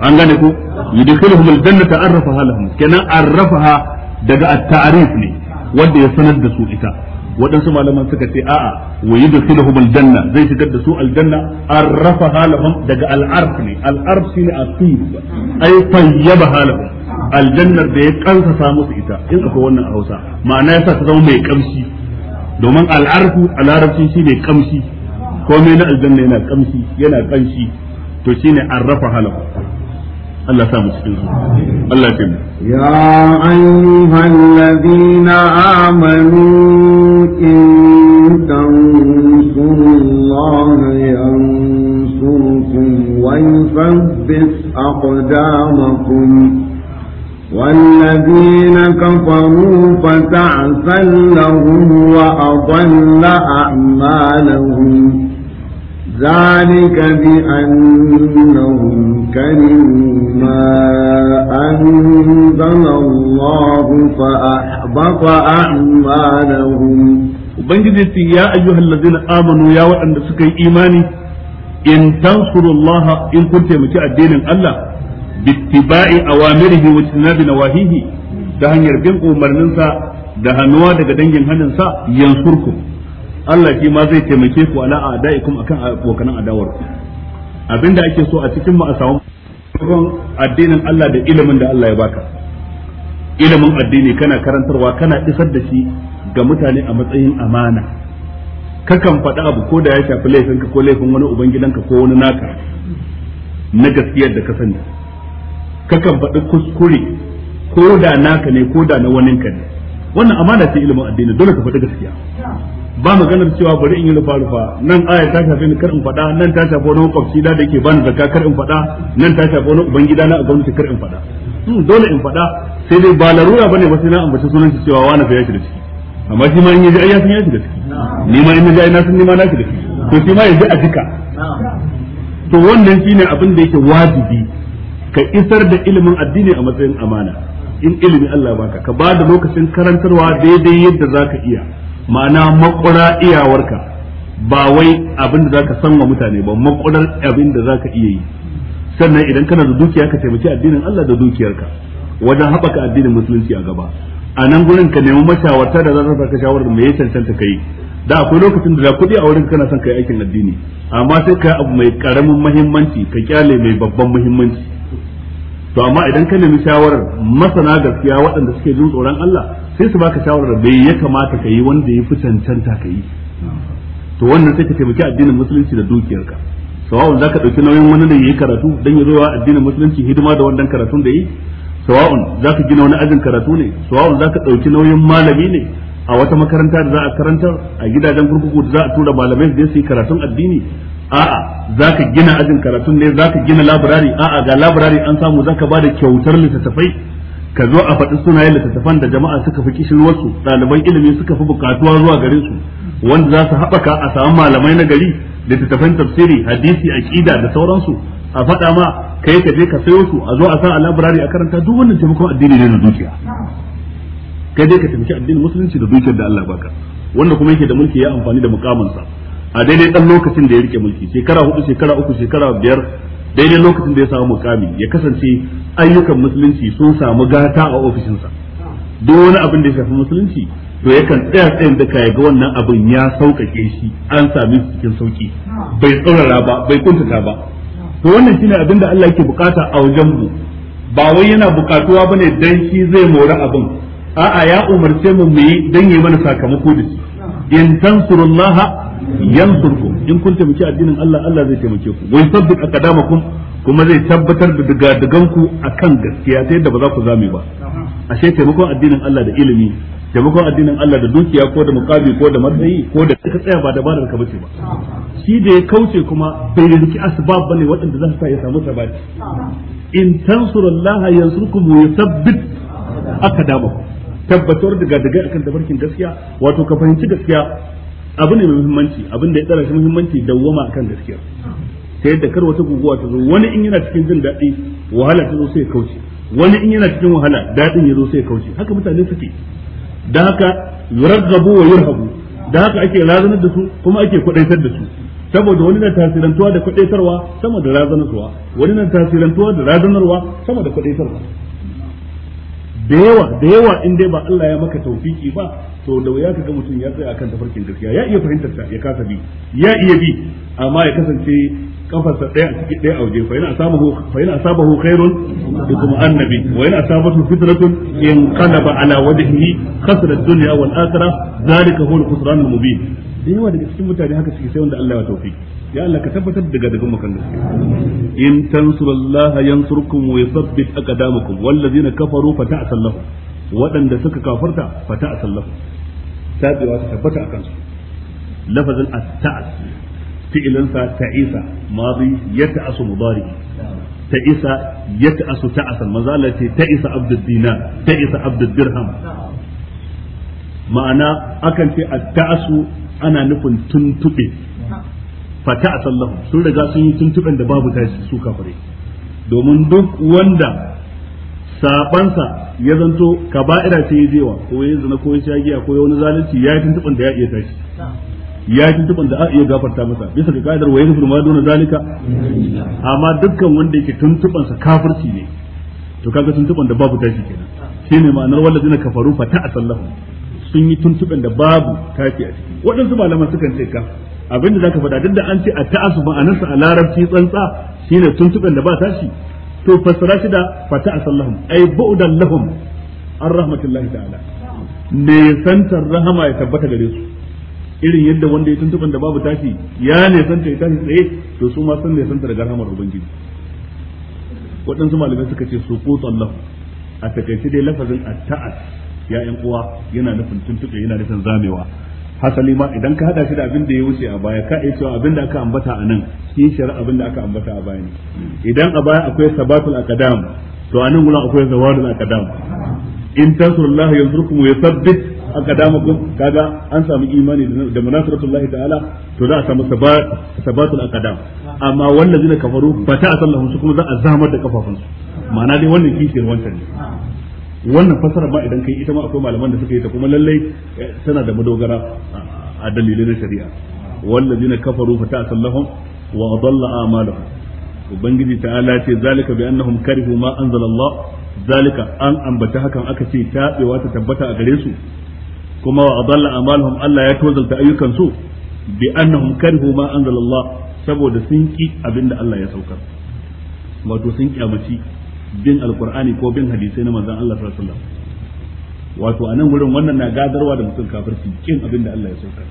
an gane ku yudkhiluhum aljannata arrafaha lahum kenan arrafaha daga at-ta'rif ne wanda ya sanar da su ita waɗansu malaman suka ce a'a wa yudkhiluhum aljanna zai shigar da su aljanna arrafaha lahum daga al-arf ne al-arf shine asib ay tayyibaha lahum aljannar da ya kansa sa musu ita in akwai wannan a Hausa ma'ana yasa ta zama mai kamshi domin al-arfu a larabci shine kamshi komai na aljanna yana kamshi yana kanshi to shine arrafa lahum Allah sa mu cikin su Allah ya ya ayyuhal ladina amanu
in tansurullaha yansurkum wa yuthabbit sallar والذين كفروا فتعسا لهم وأضل أعمالهم ذلك بأنهم كرهوا ما أنزل
الله فأحبط أعمالهم Ubangiji ya ayyuhal ladzina amanu ya waɗanda suka yi imani in tansurullah in kun taimaki addinin Allah bittiba'i awamirihi wa tinabi nawahihi ta hanyar bin umarninsa da hannuwa daga dangin haninsa yansurkum Allah shi ma zai taimake ku ala a'daikum akan abokanan adawar abinda ake so a cikin mu a samu addinin Allah da ilimin da Allah ya baka ilimin addini kana karantarwa kana isar da shi ga mutane a matsayin amana kakan faɗi abu ko da ya shafi laifinka ko laifin wani ubangidanka ko wani naka na gaskiyar da ka sani kakan faɗi kuskure ko da naka ne ko da na waninka ne wannan amana ce ilimin addini dole ka faɗi gaskiya ba ganin cewa bari in yi rufa rufa nan aya ta shafe ni kar in faɗa nan ta shafe wani makwabci da yake ke bani zakka kar in faɗa nan ta shafe wani ubangida na a gwamnati kar in faɗa hmm, dole in faɗa sai dai ba larura bane ba sai na ambaci sunan shi cewa wani fa ya da ciki amma shi ma in yaji ai ya san da shiga
ciki ni
ma in yaji ai na san ni ma na shiga ciki to shi ma yaji a jika to wannan shine abin da yake wajibi ka isar da ilimin addini a matsayin amana in ilimi Allah baka ka ba da lokacin karantarwa daidai yadda zaka iya ma'ana makura iyawarka ba wai abin da zaka san wa mutane ba makurar abin da zaka iya yi sannan idan kana da dukiya ka taimaki addinin Allah da dukiyarka wajen haɓaka addinin musulunci a gaba a nan gurin ka nemi mashawarta da za ta saka shawarar mai ya cancanta kai da akwai lokacin da kuɗi a wurin kana son kai aikin addini amma sai ka abu mai karamin muhimmanci ka kyale mai babban muhimmanci to amma idan ka nemi shawarar masana gaskiya waɗanda suke jin tsoron Allah sai su baka shawarar bai ya kamata ka yi wanda ya fi cancanta ka yi to wannan sai ka taimaki addinin musulunci da dukiyarka sawa'un ka ɗauki nauyin wani ya yi karatu don ya zo addinin musulunci hidima da wannan karatun da yi sawa'un ka gina wani ajin karatu ne sawa'un ka ɗauki nauyin malami ne a wata makaranta da za a karantar a gidajen gurgugu da za a tura malamai da su yi karatun addini a'a za ka gina ajin karatun ne Za ka gina labirari a'a ga labirari an samu za ka ba da kyautar littattafai ka zo a faɗi sunayen littattafan da jama'a suka fi kishirwarsu ɗaliban ilimi suka fi bukatuwa zuwa gare su wanda za su haɓaka a samu malamai na gari littattafan tafsiri hadisi aqida da sauransu a faɗa ma kai ka je ka sayo su a zo a sa a labirari a karanta duk wannan taimakon addini ne da dukiya kai dai ka taimaki addinin musulunci da dukiyar da Allah baka wanda kuma yake da mulki ya amfani da mukamansa a daidai dan lokacin da ya rike mulki shekara hudu shekara uku shekara biyar daidai lokacin da ya samu mukami ya kasance ayyukan musulunci sun samu gata a ofishinsa duk wani abin da ya shafi musulunci to yakan tsaya tsayin da ya ga wannan abin ya sauƙaƙe shi an sami su cikin sauƙi bai tsaurara ba bai kuntata ba to wannan shine abin da Allah yake bukata a wajen mu ba wai yana bukatuwa bane dan shi zai mora abin a'a ya umarce mu mu yi dan yi mana sakamako da shi in tansurullaha yansurku in kun taimaki addinin Allah Allah zai taimake ku wai sabbit aqdamakum kuma zai tabbatar da digadigan ku akan gaskiya ta yadda ba za ku zame ba ashe taimakon addinin Allah da ilimi taimakon addinin Allah da dukiya ko da mukabi ko da matsayi ko da kika tsaya ba da ba ka bace ba shi da ya kauce kuma bai rinki asbab bane waɗanda za su sa ya samu sabati in tansurullaha yansurkum wa yuthabbit aqdamakum tabbatar da gadigai akan tabarkin gaskiya wato ka fahimci gaskiya abu ne mai muhimmanci abin da ya tsara shi muhimmanci dawwama akan gaskiya ta yadda kar wata guguwa ta zo wani in yana cikin jin daɗi wahala ta zo sai kauce wani in yana cikin wahala daɗin ya zo sai kauce haka mutane suke da haka yuraggabu wa yurhabu da haka ake razanar da su kuma ake kwadaitar da su saboda wani na tasirantuwa da kwadaitarwa sama da razanarwa wani na tasirantuwa da razanarwa sama da kwadaitarwa da yawa da yawa in dai ba Allah ya maka tawfiki ba to da wuya ka ga mutum ya tsaya akan tafarkin gaskiya ya iya fahimtar ta ya kasa bi ya iya bi amma ya kasance kafarsa ɗaya a cikin ɗaya a waje fa yana asabahu fa yana asabahu khairun bi kuma annabi wa yana asabatu fitratun in qalaba ala wajhihi khasra ad-dunya wal akhirah zalika huwa al-khusran al-mubin da yawa daga cikin mutane haka suke sai wanda Allah ya tawfiki ya Allah ka tabbatar daga daga makan gaske in tansurullaha yansurkum wa yuthabbit aqdamakum wallazina kafaru fa ta'sal lahum waɗanda suka kafarta fa ta'sal lahum tabewa ta tabbata akan su lafazin at-ta'as fi'lan sa ta'isa madi yata'asu mudari ta'isa yata'asu ta'asa, manzo Allah ce ta'isa abdud dinar ta'isa abdud dirham ma'ana akan ce at-ta'asu ana nufin tuntube fata a sallahu sun riga sun yi tuntuɓen da babu tashi su kafare domin duk wanda sabansa ya zanto ka ba'ira ce ya zewa ko ya zina ko ya shagiya ko ya wani zalunci ya yi tuntuɓen da ya iya tashi ya yi tuntuɓen da a iya gafarta masa bisa ga ka'idar wayan firma dona zalika amma dukkan wanda yake tuntuɓensa kafirci ne to kaga tuntuɓen da babu tashi kenan ne ma'anar wallazina kafaru fata a sallahu sun yi tuntuɓen da babu tashi a ciki waɗansu malaman sukan ce ka abinda zaka faɗa duk da an ce a ta'asu ma'anarsa a larabci tsantsa shine tuntuɓen da ba tashi to fassara shi da fata asallahum ay bu'dan lahum an rahmatullahi ta'ala ne santar rahama ya tabbata gare su irin yadda wanda ya tuntuban da babu tashi ya ne santa ya tashi tsaye to su ma sun ne santa daga rahamar ubangiji waɗansu malamai suka ce su kutsan lahu a takaice dai lafazin atta'at ya yan uwa yana nufin tuntuɓe yana nufin zamewa hasali ma idan ka hada shi da abin da ya wuce a baya ka iya cewa abin da aka ambata a nan kishiyar abin da aka ambata a baya ne idan a baya akwai sabatul akadam to a nan gurin akwai zawadul akadam in tansurullahu yansurkum wa yuthabbit akadamakum kaga an samu imani da munasiratullahi ta'ala to za a samu sabatul akadam amma zina kafaru ba bata asallahu su kuma za a zamar da kafafunsu ma'ana dai wannan kishiyar wancan ne wannan fasara ma idan kai ita ma akwai malaman da suka yi ta kuma lallai eh, tana da madogara a dalilai na shari'a wallazina kafaru fa ta'sallahum wa adalla a'malahum ubangiji ta'ala ce zalika bi annahum karihu ma anzala Allah zalika an ambata hakan aka ce ta tabewa ta tabbata a gare su kuma wa adalla a'malahum Allah ya tozalta ayyukan su bi annahum karihu ma anzala Allah saboda sun ki abinda Allah ya saukar wato sun kyamaci bin alqur'ani ko bin hadisai na manzon Allah sallallahu alaihi wasallam wato anan gurin wannan na gadarwa da mutum kafirci kin abin da Allah ya sauka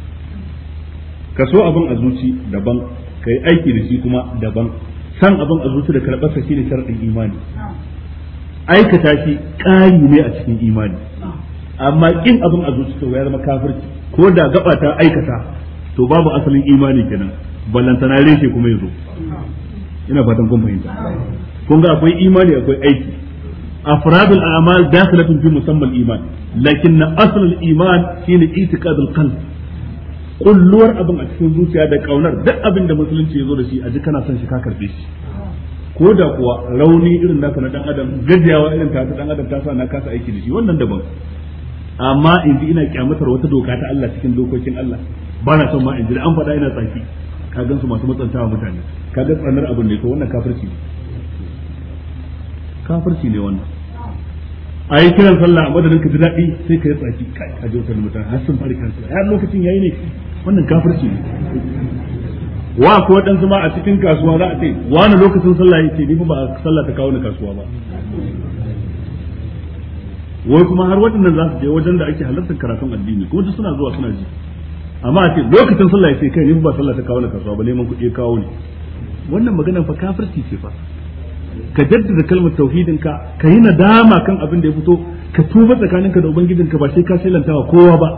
ka so abin a zuci daban kai aiki da shi kuma daban san abin a da karɓar sa shine sharadin imani
aikata shi
kayi ne a cikin imani amma kin abin a zuci ya zama kafirci ko da gaba ta aikata to babu asalin imani kenan ballantana reshe kuma yazo ina fatan kun fahimta kun ga akwai imani akwai aiki afradul a'mal dakhilatun fi musammal iman lakinna aslul iman shine itiqadul qalb kulluwar abin a cikin zuciya da kaunar duk abin da musulunci ya zo da shi a ji kana son shi ka karbe shi ko da kuwa rauni irin naka na dan adam gajiyawa irin ta dan adam ta sa na kasa aiki da shi wannan daban amma in ji ina kyamatar wata doka ta Allah cikin dokokin Allah ba na son ma in ji an faɗa ina tsaki ka gansu masu matsantawa mutane ka ga tsanar abin da ya wannan kafirci ne kafirci ne wannan a yi kiran sallah a madadin ka ji daɗi sai ka yi tsaki kai ka ji mutane har sun fara kiran sallah har lokacin yayi ne wannan kafirci ne wa ko dan ma a cikin kasuwa za a ce wani lokacin sallah yake ni ba sallah ta kawo ni kasuwa ba wai kuma har waɗannan za su je wajen da ake halartar karatun addini kuma duk suna zuwa suna ji amma a ce lokacin sallah yake kai ni ba sallah ta kawo ni kasuwa ba neman kuɗi kawo ni wannan magana fa kafirci ce fa ka jaddada kalmar tauhidin ka ka yi nadama kan abin da ya fito ka tuba tsakaninka da ka ba sai ka wa kowa ba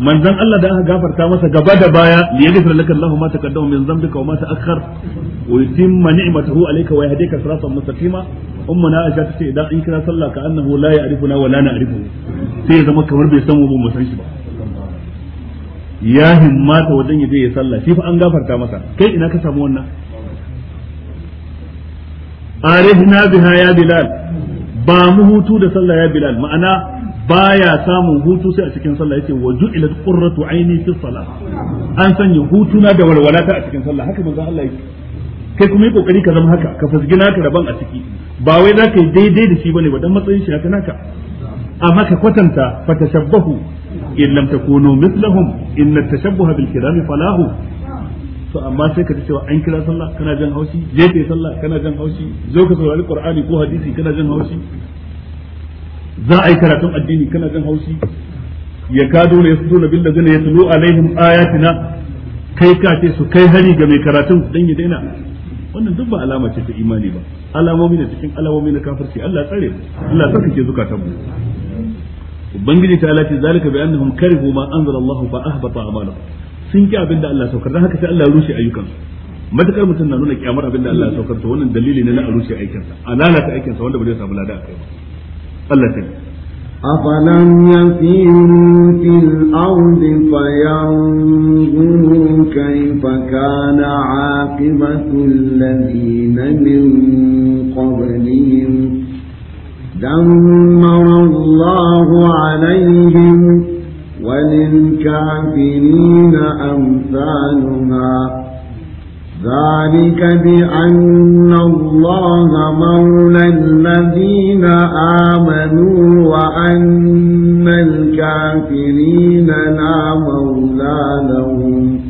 manzon Allah da aka gafarta masa gaba da baya li yaghfir laka Allahu ma taqaddama min dhanbika wa ma ta'akhkhar wa yutimma ni'matahu alayka wa yahdika siratan mustaqima ummuna Aisha tace idan an kira sallah ka annahu la ya'rifuna wa la na'rifu sai ya zama kamar bai san mu ba san shi ba ya himmata wajen ya je ya sallah shi fa an gafarta masa kai ina ka samu wannan arihna biha ya bilal ba mu hutu da sallah ya bilal ma'ana baya samun hutu sai a cikin sallah yace wa ila qurratu aini fi salah an sanya hutuna da walwalata a cikin sallah haka manzon Allah yake kai kuma yi kokari ka zama haka ka fasgina ka daban a ciki ba wai za ka yi daidai da shi bane ba dan matsayin shi haka naka amma ka kwatanta fatashabbahu in lam takunu mithlahum in at-tashabbuha bil kiram falahu to amma sai ka ji cewa an kira sallah kana jan haushi je kai sallah kana jan haushi zo ka saurari qur'ani ko hadisi kana jan haushi za a yi karatun addini kana jan haushi ya kado ne su na bil ladina yatlu alaihim ayatina kai ka ce su kai hari ga mai karatun dan ya daina wannan duk ba alama ce ta imani ba alamomi ne cikin alamomi na kafirci Allah tsare mu Allah saka ke zukatan mu ubangiji ta Allah ce zalika bi annahum karihu ma anzala Allah fa ahbata amalahum sun ki abin da Allah ya saukar dan haka sai Allah ya rushe ayyukansu matakar mutum na nuna kyamar abin da Allah ya saukar to wannan dalili ne na a rushe aikinsa a lalata aikinsa wanda ba zai samu lada a kai ba Allah ta أفلم يسيروا في الأرض
فينظروا كيف كان عاقبة الذين من قبلهم دمر الله عليهم وللكافرين أمثالها ذلك بأن الله مولى الذين آمنوا وأن الكافرين لا مولى لهم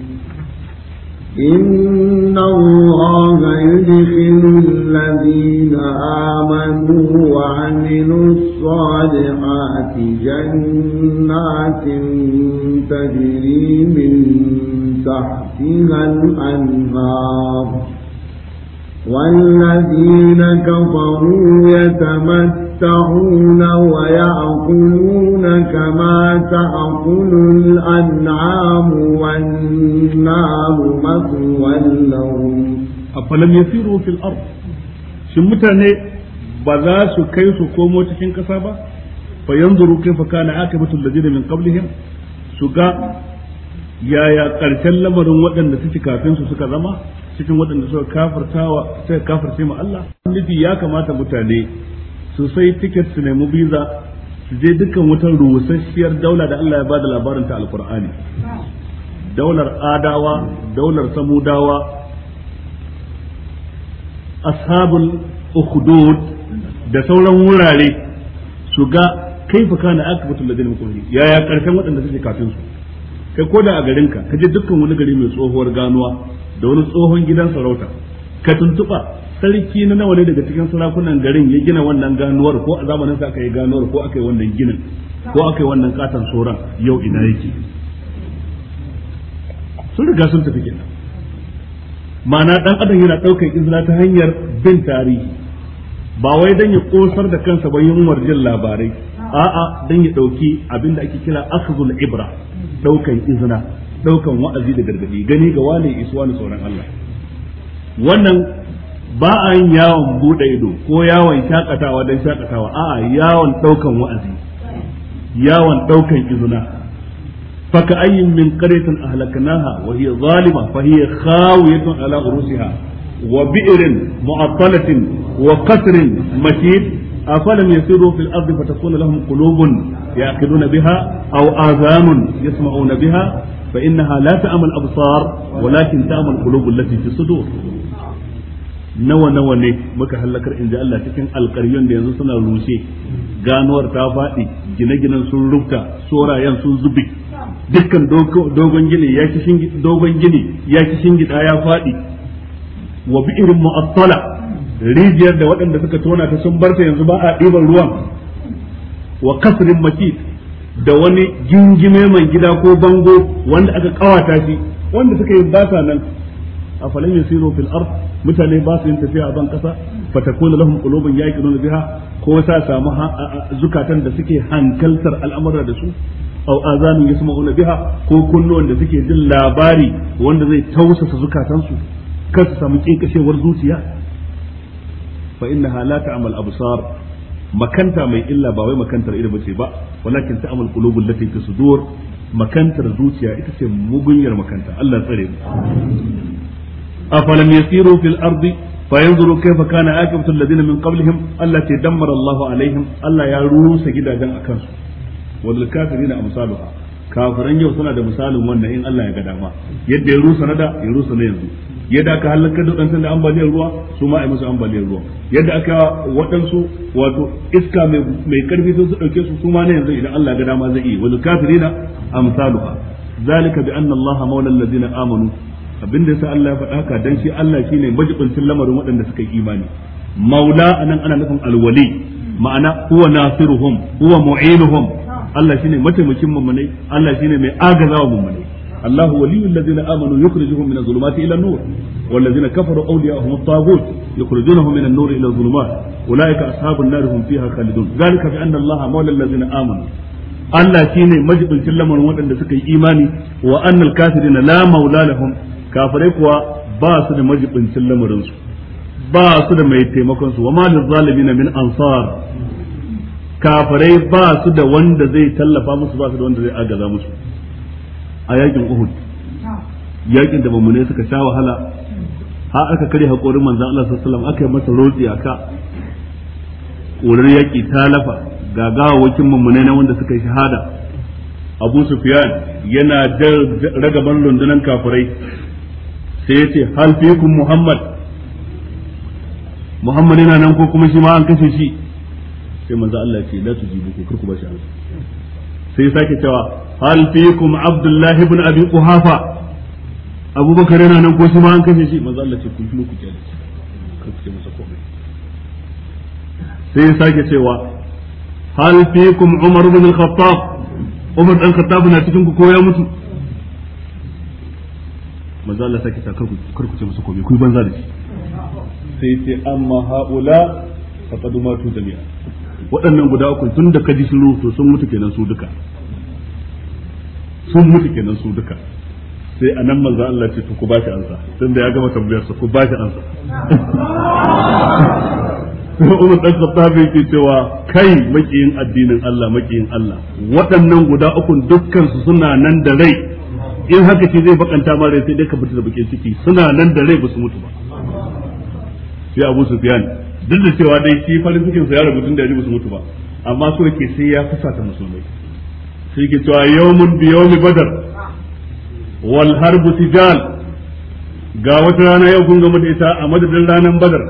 إن الله يدخل الذين آمنوا وعملوا الصالحات جنات تجري من تحتها الأنهار والذين كفروا يتمتعون يشتهون ويأكلون كما تأكل الأنعام
والنار مثوى لهم أفلم يسيروا في الأرض shin mutane ba za su kai su komo cikin ƙasa ba fa yanzuru kaifa kana akibatu alladhina min su ga yaya ƙarshen lamarin waɗanda suke kafin su suka zama cikin waɗanda suka kafirtawa suka kafirce mu Allah annabi ya kamata mutane su sai tiket su nemi visa su je dukkan wutar rusasshiyar daula da Allah ya bada labarin ta alkur'ani daular adawa daular samudawa ashabul ukhdud da sauran wurare su ga kaifa kana akbatul ladina mukhri yaya karshen waɗanda suke kafin su kai ko da a garinka ka je dukkan wani gari mai tsohuwar ganuwa da wani tsohon gidan sarauta ka tuntuba sarki na nawa ne daga cikin sarakunan garin ya gina wannan ganuwar ko a zamanin sa aka yi ganuwar ko aka yi wannan ginin ko aka yi wannan katon soran yau ina yake sun riga sun tafi kenan ma'ana dan adam yana daukar izina ta hanyar bin tarihi ba wai dan ya kosar da kansa ba yin warjin labarai a'a dan ya dauki abin da ake kira akhzul ibra daukan izina daukan wa'azi da gargadi gani ga wani iswa sauran Allah wannan ba a yin yawon bude ido ko yawon shakatawa don shakatawa A'a, yawon ɗaukan wa'azi yawon ɗaukan izuna faka ayyin min qaryatin ahlaknaha wa hiya zalima fa hiya khawiyatun ala urusiha wa bi'rin mu'attalatin wa qasrin masjid afalam yasiru fil ardi fatakun lahum qulubun ya'qiluna biha aw azanun yasma'una biha fa innaha la ta'mal absar walakin ta'mal qulubul lati fi sudurihim nawa nawa ne muka halakar inji Allah cikin alƙaryun da yanzu suna rushe ganuwar ta faɗi gine-ginen sun rubta sorayen sun zubi dukkan dogon gini ya kishin dogon gini ya kishin gida ya faɗi wa bi'irin mu'attala rijiyar da waɗanda suka tona ta sun barta yanzu ba a ɗiban ruwan wa kasrin maki da wani gingime mai gida ko bango wanda aka kawata shi wanda suka yi basa nan a falin yasiru fil ardh mutane ba su yin tafiya a ban kasa fatakuna lahum qulubun yaqiluna biha ko sa samu zukatan da suke hankaltar al'amura da su aw azanun yasma'una biha ko kunnuwan da suke jin labari wanda zai tausasa zukatan su kar su samu kinkashewar zuciya fa innaha la ta'mal absar makanta mai illa ba wai makantar ido bace ba walakin ta'mal qulubul lati fi sudur makantar zuciya ita ce mugunyar makanta Allah tsare mu afalam yasiru fil ardi fayanzuru kaifa kana aqibatu alladhina min qablihim allati dammara Allahu alaihim Allah ya rusa gidajen akan su wal kafirina amsaluha kafiran yau suna da misalin wannan in Allah ya ga dama yadda ya rusa na da ya rusa na yanzu yadda aka halakar da wadansu da ambaliyar ruwa su ma a musu ambaliyar ruwa yadda aka waɗansu wato iska mai karfi sun su ɗauke su su ma na yanzu idan Allah ya ga dama zai yi wal kafirina amsaluha zalika bi anna Allah maula alladhina amanu abin da yasa Allah ya faɗa haka dan shi Allah shine majibincin lamarin waɗanda suka yi imani maula anan ana nufin alwali ma'ana huwa nasiruhum huwa mu'inuhum Allah shine mataimakin mummunai Allah shine mai agazawa mummunai الله ولي الذين امنوا يخرجهم من الظلمات الى النور والذين كفروا اولياءهم الطاغوت يخرجونهم من النور الى الظلمات اولئك اصحاب النار هم فيها خالدون ذلك بان الله مولى الذين امنوا Allah shi ne majibincin lamarin waɗanda suka yi imani wa annal kafirin la maula lahum kafirai kuwa ba su da majibincin lamarin su ba su da mai taimakon su wa ma na min ansar kafirai ba su da wanda zai tallafa musu ba su da wanda zai agaza musu a yakin Uhud yakin da bamune suka sha wahala har aka kare haƙorin manzon Allah sallallahu aka yi masa rotsi aka ƙurar yaki ta lafa ga gawawakin mummune na wanda suka yi shahada Abu Sufyan yana da ragaban rundunar kafirai sai ya ce hal fikum muhammad muhammad yana nan ko kuma shi ma an kashe shi sai manzo Allah ce la tujibu ku kurku ba shi amsa sai ya sake cewa hal fikum abdullah ibn abi quhafa abubakar yana nan ko shi ma an kashe shi manzo Allah ce ku shi ku kyale ku ce masa komai sai ya sake cewa hal fikum umar ibn al-khattab umar dan khattab na cikin ku ko ya mutu manzo Allah sake sa karku ce musu komai ku banza da shi sai ce amma haula faqad matu jami'a waɗannan guda uku tun da kaji shiru to sun mutu kenan su duka sun mutu kenan su duka sai anan manzo Allah ce to ku ba shi ansa da ya gama tambayar sa ku ba shi ansa Umar dan Khattab ke cewa kai makiyin addinin Allah makiyin Allah waɗannan guda uku dukkan su suna nan da rai in haka ce zai bakanta ma rai sai dai ka fita da bakin ciki suna nan da rai ba su mutu ba sai Abu Sufyan duk da cewa dai shi farin cikin sa ya rabu tun da ya ba su mutu ba amma su ke sai ya fusata musulmai sai ke cewa yawmun bi yawmi badar wal harbu tijal ga wata rana yau kun gama da ita a madadin ranar badar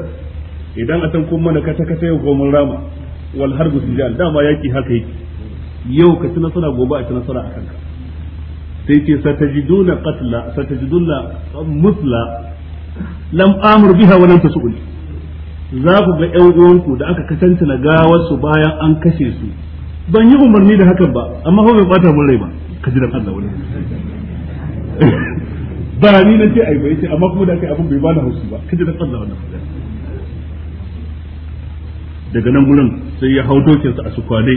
idan a san kun mana kata kata yau gomin rama wal harbu tijal dama yaki haka yake yau ka ci nasara gobe a ci nasara a kanka sai ce satajiduna qatla satajiduna musla lam amur biha wa lam tasuli za ku ga ƴan uwanku da aka kasance na gawar su bayan an kashe su ban yi umarni da hakan ba amma ko bai bata mun rai ba ka ji da Allah wani [laughs] ba ni na ce ai bai ce amma kuma da kai abin bai bani haushi ba ka ji da Allah wani. daga nan gurin sai ya hau dokin sa a su kwane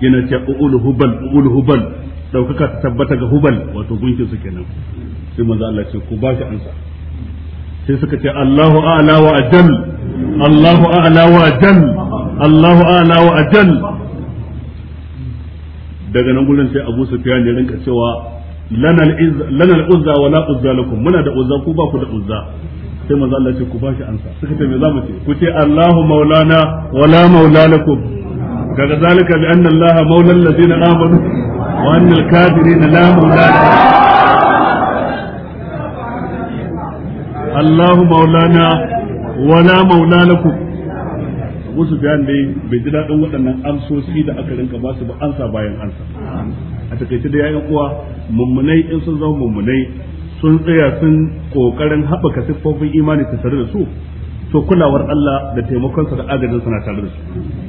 yana ce ul hubal ul hubal daukaka ta tabbata ga hubal wato gunkin su kenan sai manzo Allah ce ku ba shi ansa sai suka ce Allahu a'la wa ajal Allahu a'la wa ajal Allahu a'la wa ajal daga nan gurin sai Abu Sufyan ya rinka cewa lana al-uzza wa la uzza lakum muna da uzza ku ba ku da uzza sai manzo Allah ce ku ba shi ansa suka ce me za mu ce ku ce Allahu maulana wa la maula lakum kaga zalika bi anna Allah maula allazina amanu وأن الكافرين لا مولى
الله مولانا ولا مولى لكم Abu
Sufyan dai bai ji daɗin waɗannan amsoshi da aka rinka ba su ba ansa bayan ansa a takaice da yayin uwa mummunai in sun zama mummunai sun tsaya sun ƙoƙarin haɓaka siffofin imani su tare da su to kulawar Allah da taimakonsa da agajinsa na tare da su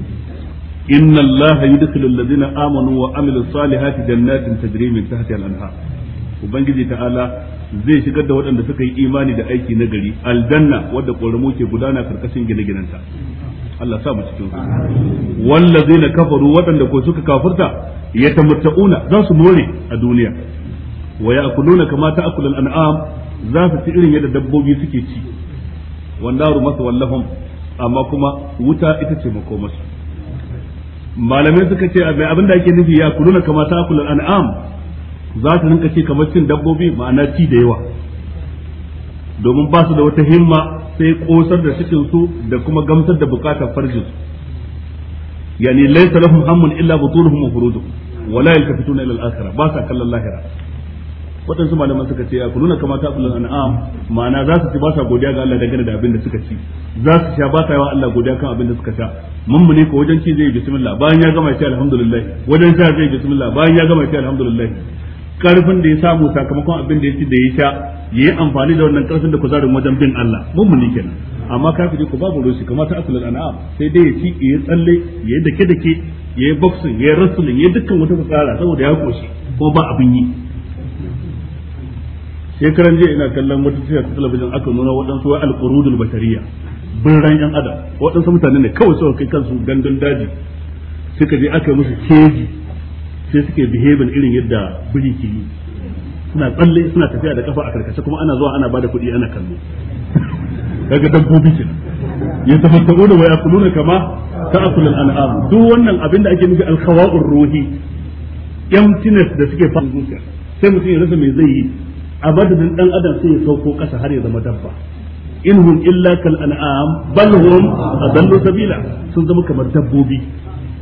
إن الله يدخل الذين آمنوا وعملوا الصالحات جنات تجري من تحتها الأنهار ubangiji ta'ala zai shigar da waɗanda suka yi imani da aiki na gari aljanna wadda ƙoramu ke gudana karkashin gine ginenta Allah sa mu cikin
su
na kafaru waɗanda ko suka kafurta yatamatta'una za su more a duniya wa ya'kuluna kama ta'kulu al-an'am za su ci irin yadda dabbobi suke ci wannan masa wallahum amma kuma wuta ita ce makomasu malamai suka ce abin da ake nufi ya na kama ta akulul an'am za su rinka ce kamar cin dabbobi ma'ana ci da yawa domin ba su da wata himma sai kosar da cikin su da kuma gamsar da bukatar farjin yani laysa lahum hammun illa butunuhum wa furujuhum wala yaltafituna ila al-akhirah ba sa kallon lahira waɗansu malaman suka ce ya na kama a akulul an'am ma'ana za su ci ba sa godiya ga Allah dangane da abin da suka ci za su sha ba sa yawa Allah godiya kan abin da suka sha mummune ko wajen ci zai bismillah bayan ya gama ci alhamdulillah wajen sha zai bismillah bayan ya gama ci alhamdulillah karfin da ya samu sakamakon abin da ya ci da ya sha ya yi amfani da wannan karfin da kuzarin wajen bin Allah mummuni kenan amma ka kuje ku babu rushi kamar ta asalin an'am sai dai ya ci ya tsalle ya yi dake dake ya yi boxing ya yi wrestling ya yi dukkan wata fasara saboda ya koshi ko ba abin yi shekaran jiya ina kallon wata tiyar ta talabijin aka nuna waɗansu wa al-qurudul bashariya birran yan adam waɗansu mutane ne kawai suka kai kansu gandun daji suka je aka musu keji sai suke behaving irin yadda biri ke yi suna tsalle suna tafiya da kafa a karkashe kuma ana zuwa ana ba da kuɗi ana kallo daga dabbobi kenan da waya yaquluna kama ta akulan anam duk wannan abin da ake nufi al ruhi emptiness da suke fara sai mutum ya rasa me zai yi a madadin dan adam sai ya sauko kasa har ya zama dabba in hum illa kal an'am bal hum adallu sabila sun zama kamar dabbobi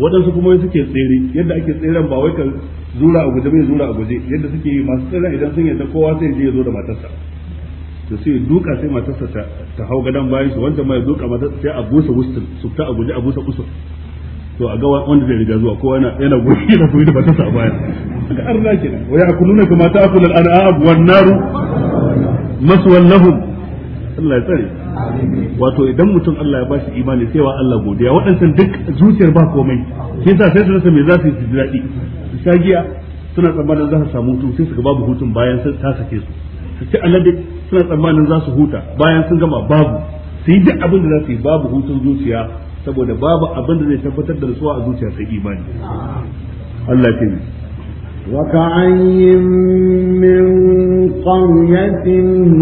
waɗansu kuma wai suke tsere yadda ake tseren ba wai kan zura a guje bai zura a guje yadda suke yi masu tseren idan sun yadda kowa sai je ya zo da matarsa to sai duka sai matarsa ta hau gadon bayan su wanda mai duka matarsa sai a busa wustin su ta a guje a busa kusur to a ga wanda zai riga zuwa kowa yana yana goyi yana goyi da matarsa a baya ga arna kenan wa ya'kuluna kama ta'kul al-an'am wan naru maswal lahum Allah ya tsare wato idan mutum Allah ya ba shi imani sai wa Allah godiya waɗansan duk zuciyar ba komai sai sa sai su rasa me za su yi su ji daɗi su sha giya suna tsammanin za su samu hutu sai su ga babu hutun bayan sun ta sake su su ci alade suna tsammanin za su huta bayan sun gama babu su yi duk abin da za su yi babu hutun zuciya saboda babu abin da zai tabbatar da rasuwa a zuciya sai imani Allah ya taimaka وكعي من
قرية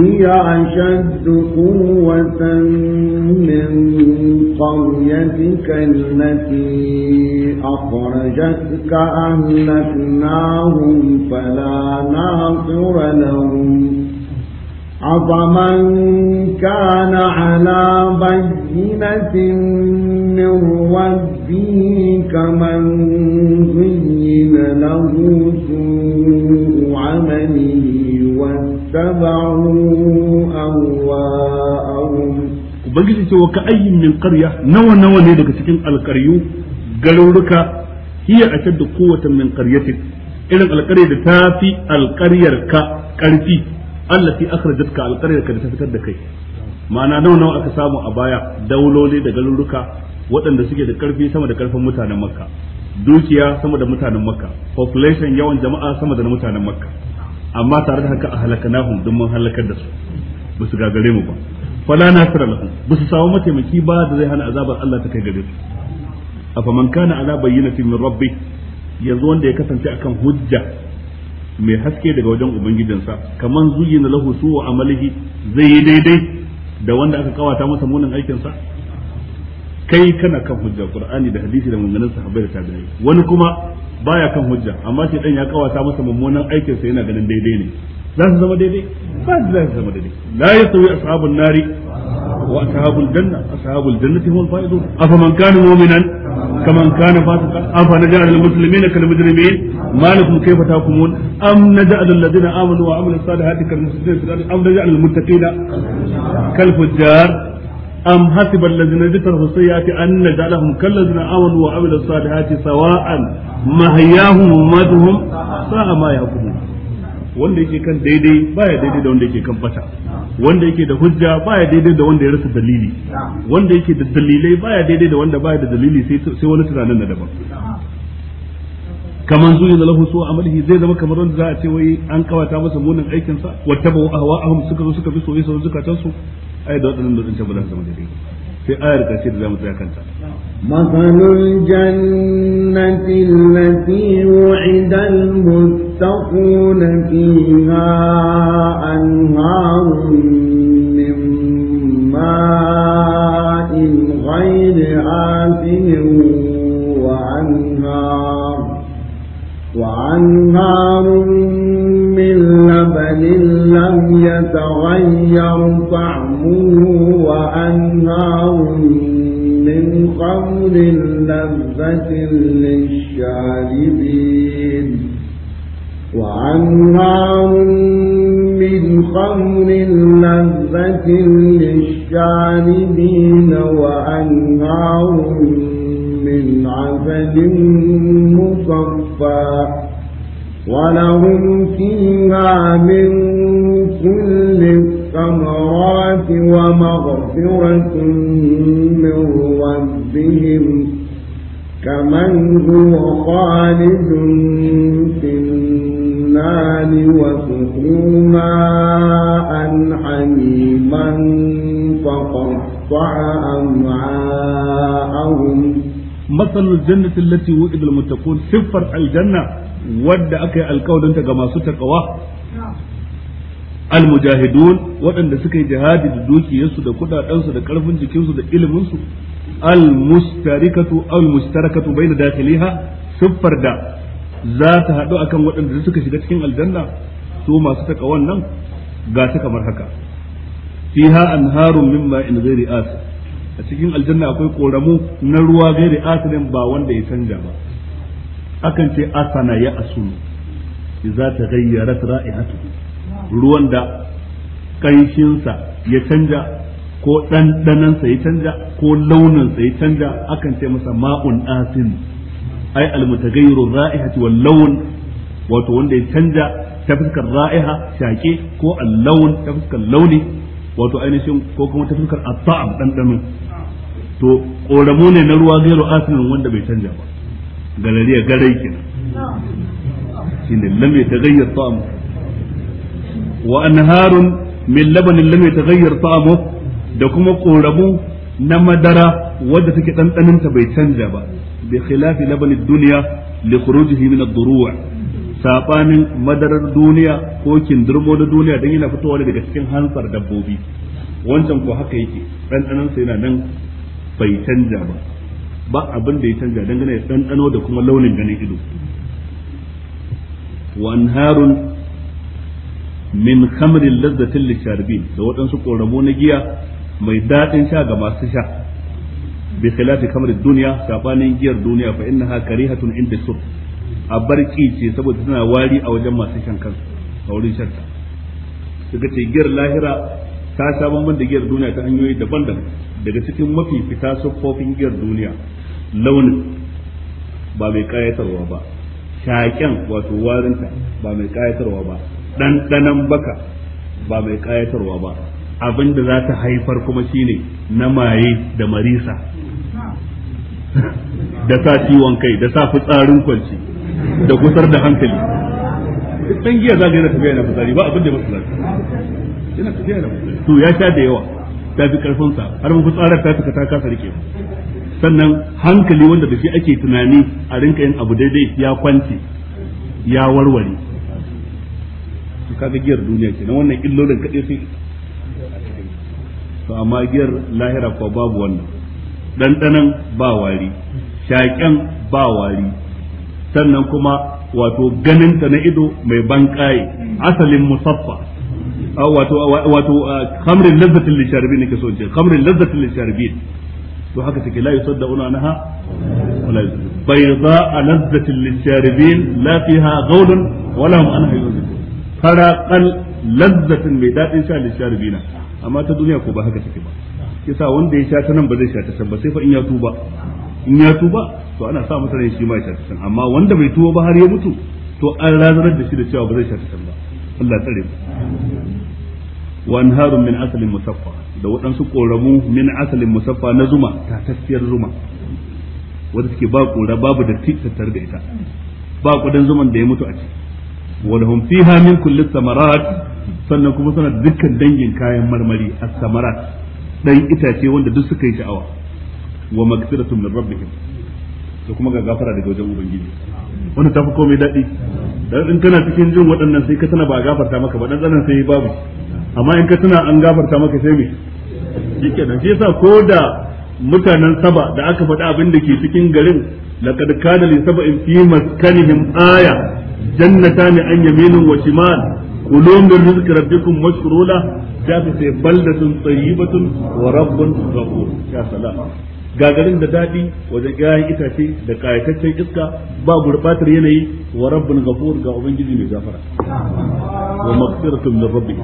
هي أشد قوة من قريتك التي أخرجتك أهلكناهم فلا ناصر لهم أفمن كان على بيت بسكينة من ربه كمن زين له سوء عمله
واتبعوا أهواءهم ubangiji ce wa ka'ayyin min qarya nawa nawa ne daga cikin alƙaryu garuruka hiya ashaddu kowace min qaryatik irin alƙarya da tafi alƙaryar ka ƙarfi allati akhrajatka alƙaryar ka da ta fitar da kai ma'ana nawa nawa aka samu a baya dauloli da garuruka waɗanda suke da karfi sama da karfin mutanen makka dukiya sama da mutanen makka population yawan jama'a sama da mutanen makka amma tare da haka a halakanahum don mun halakar da su ba su gagare mu ba fala na nasira lahum ba su samu mataimaki ba da zai hana azabar Allah ta kai gare su faman kana ala bayyinati min rabbi yanzu wanda ya kasance akan hujja mai haske daga wajen ubangijinsa kaman zuyina lahu wa amalihi zai yi daidai da wanda aka kawata masa munin aikinsa kai kana kan hujja qur'ani da hadisi da maganganun sahabbai da tabi'ai wani kuma baya kan hujja amma sai dan ya kawata masa mummunan aikin sa yana ganin daidai ne za su zama daidai ba za su zama daidai la yasawi ashabun nari wa ashabul janna ashabul jannati hum al-faizun afaman kana mu'minan kaman kana fasika afa naj'al al wanda yake kan daidai baya daidai da wanda yake kan bata wanda yake da hujja baya daidai da wanda ya rasa dalili wanda yake da dalilai baya daidai da wanda baya da dalili sai wani tunanin na daban kaman zuyi da lahu a amalihi zai zama kamar wanda za a ce wai an kawata masa munin aikin sa wattabu ahwa'ahum suka zo suka bi soyayya su zukatan su ai da wadannan da zance ba za su zama daidai sai ayar ce da zamu tsaya kanta مثل الجنة
التي وعد المتقون فيها أنهار من ماء غير آثم وأنهار وأنهار من لبن لم يتغير طعمه وأنهار قول لذة للشاربين وأنهار من خمر لذة للشاربين وأنهار من عسل مصفى ولهم فيها من كل الثمرات ومغفرة من ربهم ربهم كمن هو خالد في النار وسقوا ماء حميما فقطع
أمعاءهم مثل الجنة التي وئد المتقون صفر الجنة ود أكي الكون أنت كما ستقواه almujahidun waɗanda suka yi jihadi da dukiyarsu da kuɗaɗensu da ƙarfin jikinsu da iliminsu al-mustarikatu aw al-mustarakatu bayna dakhiliha siffar da za ta haɗu akan waɗanda suka shiga cikin aljanna su masu taka nan. ga ta kamar haka fiha anharun mimma in ghairi as a cikin aljanna akwai ƙoramu na ruwa ghairi asirin ba wanda ya canja ba akan ce asana ya asunu za ta gayyara ra'ihatu ruwan da kanshinsa ya canza. ko ɗanɗanan ya canja ko launin sa ya canja akan ce masa ma'un asin ai almutaghayyiru ra'ihati wal lawn wato wanda ya canja ta fuskar ra'iha shake ko al-lawn ta fuskar launi wato ainihin ko kuma ta fuskar at ɗanɗano to ƙoramu ne na ruwa gairu asinin wanda bai canja ba galariya garai kenan shine lam yataghayyar ta'amu wa anharun min labanin lam yataghayyar ta'amu da kuma koramu na madara wanda take ɗanɗaninta bai canja ba bi khilafi labanin duniya li khurujihi min ad-duru' sabanin madarar duniya ko kindurmo na duniya dan yana fitowa daga cikin hansar dabbobi wancan ko haka yake ɗanɗanin sa yana nan bai canja ba ba abin da ya canja dangane da ɗanɗano da kuma launin ganin ido wanharun min khamrin lazzatin lisharibin da waɗansu ƙoramo na giya mai daɗin sha ga masu sha bi khilafi kamar duniya sabanin giyar duniya fa ha karihatun inda sur a barki ce saboda tana wari a wajen masu shan kan a wurin shan ta daga ce giyar lahira ta sha bambam da giyar duniya ta hanyoyi daban-daban daga cikin mafi fita siffofin giyar duniya launi ba mai kayatarwa ba shaƙen wato warinta ba mai kayatarwa ba ɗanɗanan baka ba mai kayatarwa ba abin da za ta haifar kuma shine na maye da marisa da sa ciwon kai da sa fitsarin kwanci da gusar da hankali ɗan giya za ga yana tafiya na fitsari ba abin da ya masa
yana tafiya na fitsari to
ya sha da yawa ta fi karfinsa har mu tsarar ta fita ta kasa rike sannan hankali wanda da shi ake tunani a rinka yin abu daidai ya kwance ya warware kaga giyar duniya ke na wannan illolin kaɗai sai to amma giyar lahira ko babu wannan ɗanɗanan ba wari shaƙen ba wari sannan kuma wato ganinta na ido mai banƙaye asalin musaffa wato wato khamrin lazzatin lisharibin nake so ce khamrin lazzatin lisharibin to haka take la yusaddauna anha wala bayda lazzatin lisharibin la fiha ghawlun wala hum anha yuzun fara qal lazzatin mai dadin sha lisharibina amma ta duniya ko ba haka take ba yasa wanda ya sha ta nan ba zai sha ta san ba sai fa in ya tuba in ya tuba to ana sa masa rai shi ma ya sha ta san amma wanda bai tuba ba har ya mutu to an razanar da shi da cewa ba zai sha ta san ba Allah tsare mu wa anharun min asalin musaffa da waɗansu koramu min asalin musaffa na zuma ta tafiyar zuma wanda suke ba kora babu da tattare da ita ba kudan zuman da ya mutu a ciki wa lahum fiha min kulli thamarat sannan kuma suna dukkan dangin kayan marmari a samarat ɗan itace wanda duk suka yi sha'awa wa magfiratun min rabbihim da kuma ga gafara daga wajen ubangiji ta fi komai daɗi dan in kana cikin jin waɗannan sai ka tana ba a gafarta maka ba dan tsanan sai babu amma in ka tana an gafarta maka sai me shikenan shi yasa ko da mutanen saba da aka faɗi abin da ke cikin garin laqad kana li in fi maskanihim aya jannatani an yaminin wa shimal kulu min rizqi rabbikum washkuru la da ta ce baldatun tayyibatun wa gagarin da daɗi wajen gaya itace da kayataccen iska ba gurbatar yanayi wa rabbun gafur ga ubangiji mai gafara wa maghfiratun min rabbi.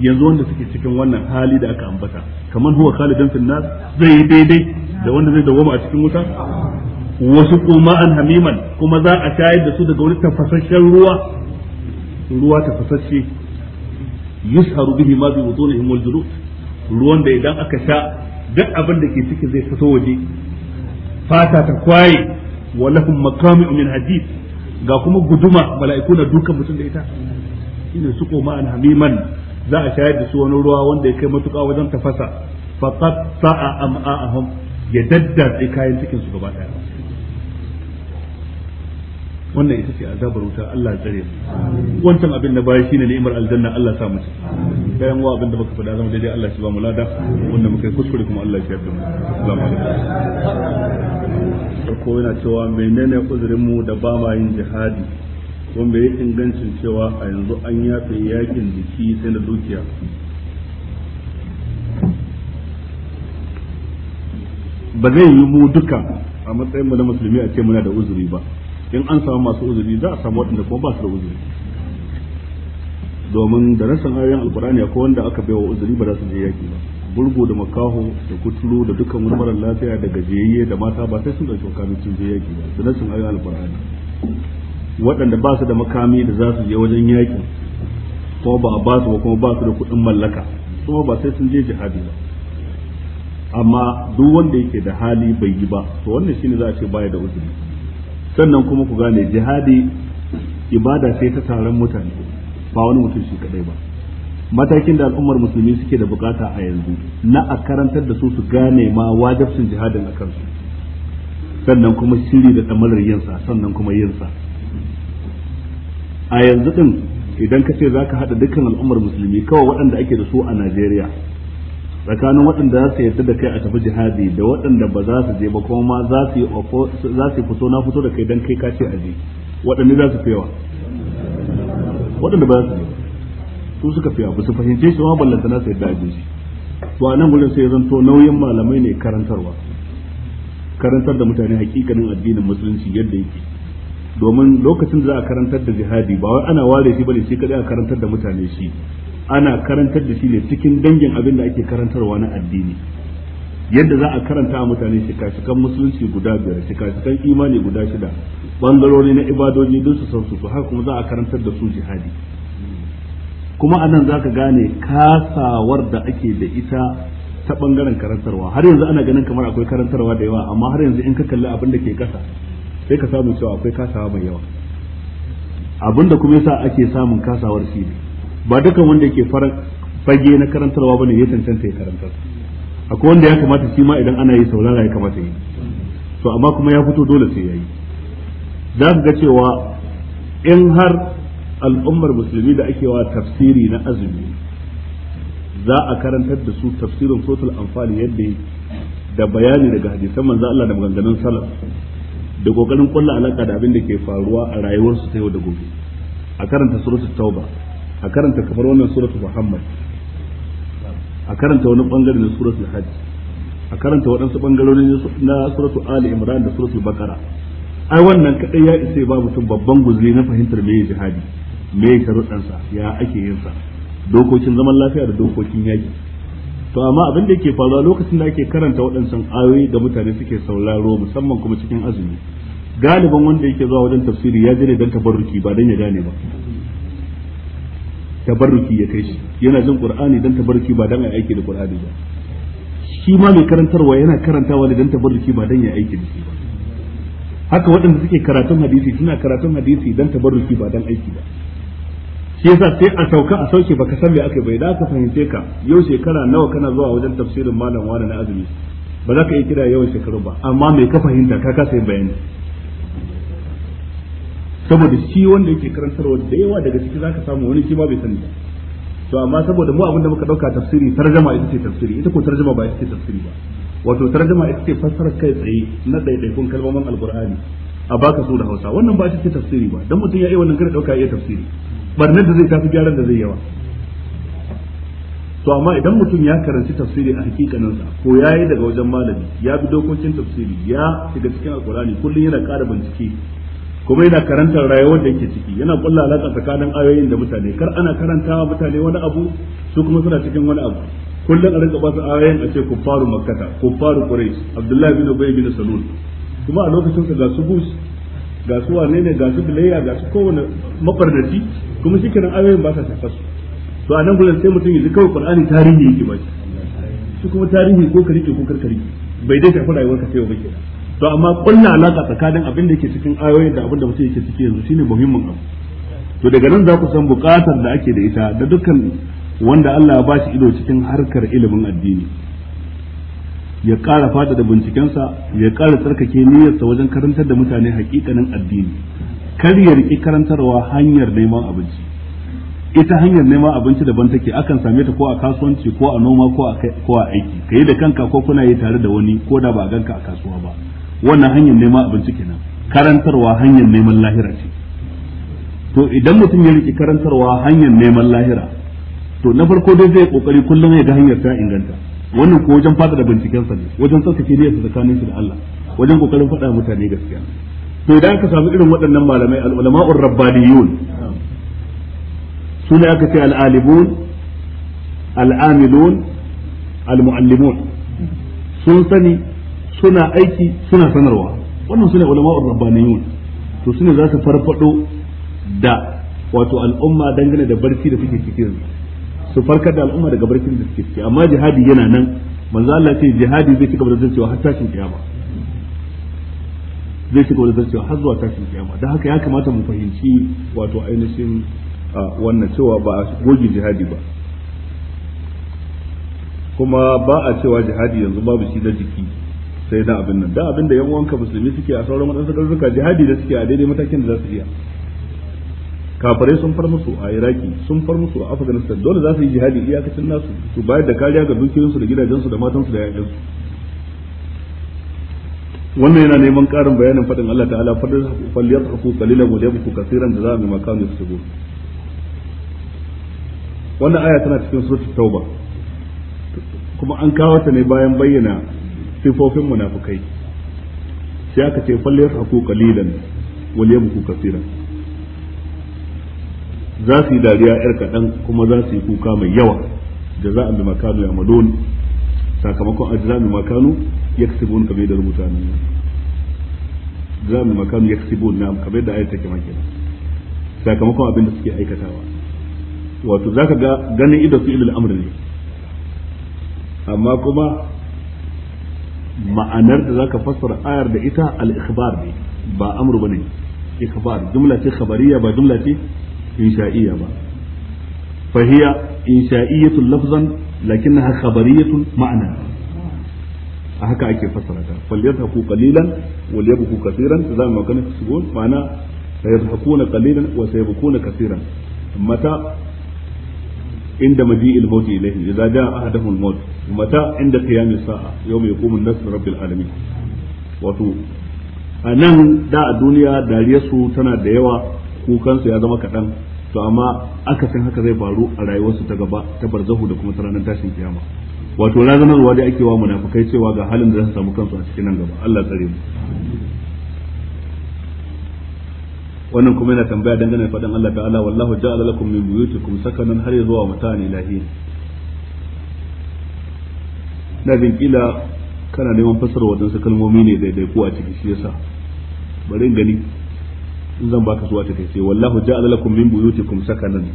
yanzu wanda suke cikin wannan hali da aka ambata Kamar huwa khalidan fil nas zai daidai da wanda zai dawoma a cikin wuta wasu kuma an hamiman kuma za a shayar da su daga wani tafasasshen ruwa ruwa tafasasshe yusharu bihi ma bi wutunihim wal julud ruwan da idan aka sha duk abin da ke ciki zai fito waje fata ta kwaye wa lahum maqami min hadid ga kuma guduma mala'ikuna na dukan mutum da ita ina su koma an hamiman za a shayar da su wani ruwa wanda ya kai matuƙa wajen tafasa faqat sa'a am'a'ahum ya daddatse kayan cikin su gaba ɗaya wannan ita ce azabar wuta Allah tsare mu wancan abin da baya shine ni'imar aljanna Allah sa mace ci bayan wa abin da baka faɗa zama daidai Allah shi ba mu lada wanda muka yi kuskure kuma Allah shi ya mu assalamu alaikum ko yana cewa menene uzurin mu da ba ma yin jihadi ko me ingancin cewa a yanzu an yafe yakin jiki sai na dukiya ba zai yi mu duka a matsayin mu na musulmi a ce muna da uzuri ba in an samu masu uzuri za a samu waɗanda kuma ba su da uzuri domin da rasan ayoyin alkurani ko wanda aka baiwa uzuri ba za su je yaki ba burgu da makaho da kuturu da dukkan wani marar lafiya da gajiyayye da mata ba sai sun ɗauki makamin sun je yaki ba da rasan ayoyin alkurani waɗanda ba su da makami da za su je wajen yaki ko ba a ba su ba kuma ba su da kuɗin mallaka kuma ba sai sun je jihadi ba amma duk wanda yake da hali bai yi ba to wannan shine za a ce baya da uzuri sannan kuma ku gane jihadi ibada sai ta taron mutane ba wani mutum shi kadai ba matakin da al'ummar musulmi suke da bukata a yanzu na a karantar da su su gane ma wajibcin jihadin a kansu sannan kuma shiri da tsamalar yinsa sannan kuma yinsa a yanzu din idan ka ce za ka haɗa dukkan al'ummar musulmi kawai waɗanda ake da su a najeriya tsakanin waɗanda za su yarda da kai a tafi jihadi da waɗanda ba za su je ba kuma ma za su yi fito na fito da kai don kai kace a je waɗanda za su fi yawa waɗanda ba za su su suka fi yawa ba su fahimce su ma ballanta na su yarda a shi to a nan gudun sai to nauyin malamai ne karantarwa karantar da mutane hakikanin addinin musulunci yadda yake domin lokacin da za a karantar da jihadi ba wai ana ware shi bane shi kadai a karantar da mutane shi ana karantar da shi ne cikin dangin abin da ake karantarwa na addini yadda za a karanta a mutane shika musulunci guda biyar shika imani guda shida ɓangarori na ibadoji duk su san su haka kuma za a karantar da su jihadi kuma anan ka gane kasawar da ake da ita ta ɓangaren karantarwa har yanzu ana ganin kamar akwai karantarwa da yawa amma har yanzu in ka kalli abin da ke kasa sai ka samu cewa akwai kasawa mai yawa abin da kuma yasa ake samun kasawar shi ne ba dukan wanda yake fage na karantarwa bane ya cancanta ya karantar akwai wanda ya kamata shi ma idan ana yi saurara ya kamata yi to amma kuma ya fito dole sai yayi za ka ga cewa in har al'ummar musulmi da ake wa tafsiri na azumi za a karantar da su tafsirin sotul amfani yadda da bayani daga hadisan manzo Allah da maganganun salaf da kokarin kulla alaka da abin da ke faruwa a rayuwarsu ta yau da gobe a karanta suratul tauba a karanta kamar wannan suratu muhammad a karanta wani bangare na suratul hajj a karanta waɗansu bangarori na suratu ali imran da suratul bakara ai wannan kadai ya isa ba mutum babban guzuri na fahimtar me jihadi me rudansa ya ake yin sa dokokin zaman lafiya da dokokin yaki to amma abin da yake faruwa lokacin da ake karanta waɗancan ayoyi da mutane suke sauraro musamman kuma cikin azumi galibin wanda yake zuwa wajen tafsiri ya je ne don tabarruki ba dan ya gane ba tabarruki ya kai shi yana jin qur'ani dan tabarruki ba dan ya aiki da qur'ani ba shi ma mai karantarwa yana karantawa ne dan tabarruki ba dan ya aiki da shi ba haka waɗanda suke karatun hadisi suna karatun hadisi dan tabarruki ba dan aiki ba shi yasa sai a sauka a sauke baka san me aka bai da aka fahimce ka yau shekara nawa kana zuwa wajen tafsirin malam wani na azumi ba za ka iya kira yawan shekaru ba amma mai ka fahimta ka kasa yin bayani saboda shi wanda yake karantarwa da yawa daga ciki zaka samu wani shi ma bai sani to amma saboda mu abinda muka dauka tafsiri tarjama ita ce tafsiri ita ko tarjama ba ita ce tafsiri ba wato tarjama ita ce fassarar kai tsaye na daidaikun kalmomin alqur'ani a baka su da Hausa wannan ba ita ce tafsiri ba dan mutum ya yi wannan kada dauka ya tafsiri barnar da zai tafi gyaran da zai yawa to amma idan mutum ya karanci tafsiri a sa ko yayi daga wajen malami ya bi dokokin tafsiri ya shiga cikin alqur'ani kullun yana ƙara bincike kuma yana karanta rayuwar da yake ciki yana kulla alaƙa tsakanin ayoyin da mutane kar ana wa mutane wani abu su kuma suna cikin wani abu kullum a rinka ba su ayoyin a ce kuffaru makkata kuffaru quraish abdullahi bin ubay bin salul kuma a lokacin sa ga su bus ga su wane ne ga su bilayya ga su kowane mafarnaci kuma shi ayoyin ba sa tafasu to a nan gurin sai mutum ya kawai qur'ani tarihi yake ba shi kuma tarihi ko ka ko karkari bai dai rayuwar ka sai ba kenan to amma kulla alaka tsakanin abin da yake cikin ayoyi da abin da mutum yake ciki yanzu shine muhimmin abu to daga nan za ku san bukatar da ake da ita da dukkan wanda Allah ya bashi ido cikin harkar ilimin addini ya ƙara fada da bincikensa ya kara tsarkake niyyarsa wajen karantar da mutane hakikanin addini kar ya riƙi karantarwa hanyar neman abinci ita hanyar neman abinci daban take akan same ta ko a kasuwanci ko a noma ko a aiki kayi da kanka ko kuna yi tare da wani ko da ba ganka a kasuwa ba wannan hanyar neman abinci kenan karantarwa hanyar neman lahira ce to idan mutum ya riki karantarwa hanyar neman lahira to na farko dai zai kokari kullum ya ga hanyar ta inganta wannan ko wajen fada da binciken sa ne wajen tsarkake niyyarsa tsakanin shi da Allah wajen kokarin faɗa mutane gaskiya to idan aka samu irin waɗannan malamai al-ulama'ur rabbaniyun sune aka ce al-alimun al-amilun al-muallimun sun sani suna aiki suna sanarwa wannan sune ulama'ur rabbaniyun to sune za su farfado da wato al'umma dangane da barci da suke cikin su farkar da al'umma daga barci da suke ciki amma jihadi yana nan manzo Allah ce jihadi zai cika da cewa har tashin kiyama zai cika da cewa har zuwa tashin kiyama dan haka ya kamata mu fahimci wato ainihin wannan cewa ba a goge jihadi ba kuma ba a cewa jihadi yanzu babu shi na jiki sai da abin nan da abin da yan uwanka musulmi suke a sauran wadansu garuruka jihadi da suke a daidai matakin da za su iya kafirai sun far musu a iraki sun far musu a afghanistan dole za su yi jihadi iyakacin nasu su bayar da kariya ga dukiyoyinsu da gidajensu da matansu da yayansu wannan yana neman karin bayanin fadin Allah ta'ala falyadhaku qalilan wa yabku kaseeran da za mu su yasbu wannan aya tana cikin suratul tauba kuma an kawo ta ne bayan bayyana sifofin munafukai sai aka ce fallar haku kalilan wal yabku kaseeran za su yi dariya yar kaɗan kuma za su yi kuka mai yawa Da za a jaza'an bima kanu ya'malun sakamakon ajza'an bima kanu yaksibun kamar da rubuta ne jaza'an bima kanu yaksibun na kamar da ayat take maki sakamakon abin da suke aikatawa wato za ka ga ganin ido su ilal amri ne amma kuma ma'anar da zaka fassara ayar da ita al-ikhbar ne ba amru bane ikhbar jumla ce khabariya ba jumla ce insha'iyya ba fa hiya insha'iyyatu lafzan lakinnaha khabariyatu ma'ana a haka ake fassara ta falyadhaku qalilan wal yabku kaseeran za mu magana su ma'ana sayadhakuna qalilan wa sayabkuna kaseeran mata inda maji'il maut ilayhi idza jaa ahaduhum maut mata inda qiyamis sa'a yau mai an-nas rabbil alamin wato anan da a duniya dariyarsu tana da yawa kukansu ya zama kaɗan to amma aka san haka zai faru a rayuwarsu ta gaba ta barzahu da kuma ta ranar tashin kiyama wato razanarwa dai ake wa munafukai cewa ga halin da za su samu kansu a cikin nan gaba Allah tsare mu wannan kuma yana tambaya dangane faɗin Allah ta'ala wallahu ja'ala lakum min buyutikum sakanan har ya zuwa mata ne lahi na bin kila kana neman fassara su kalmomi ne daidai ko a ciki shi yasa bari in gani in zan baka zuwa ta kace wallahu ja'ala lakum min buyutikum sakanan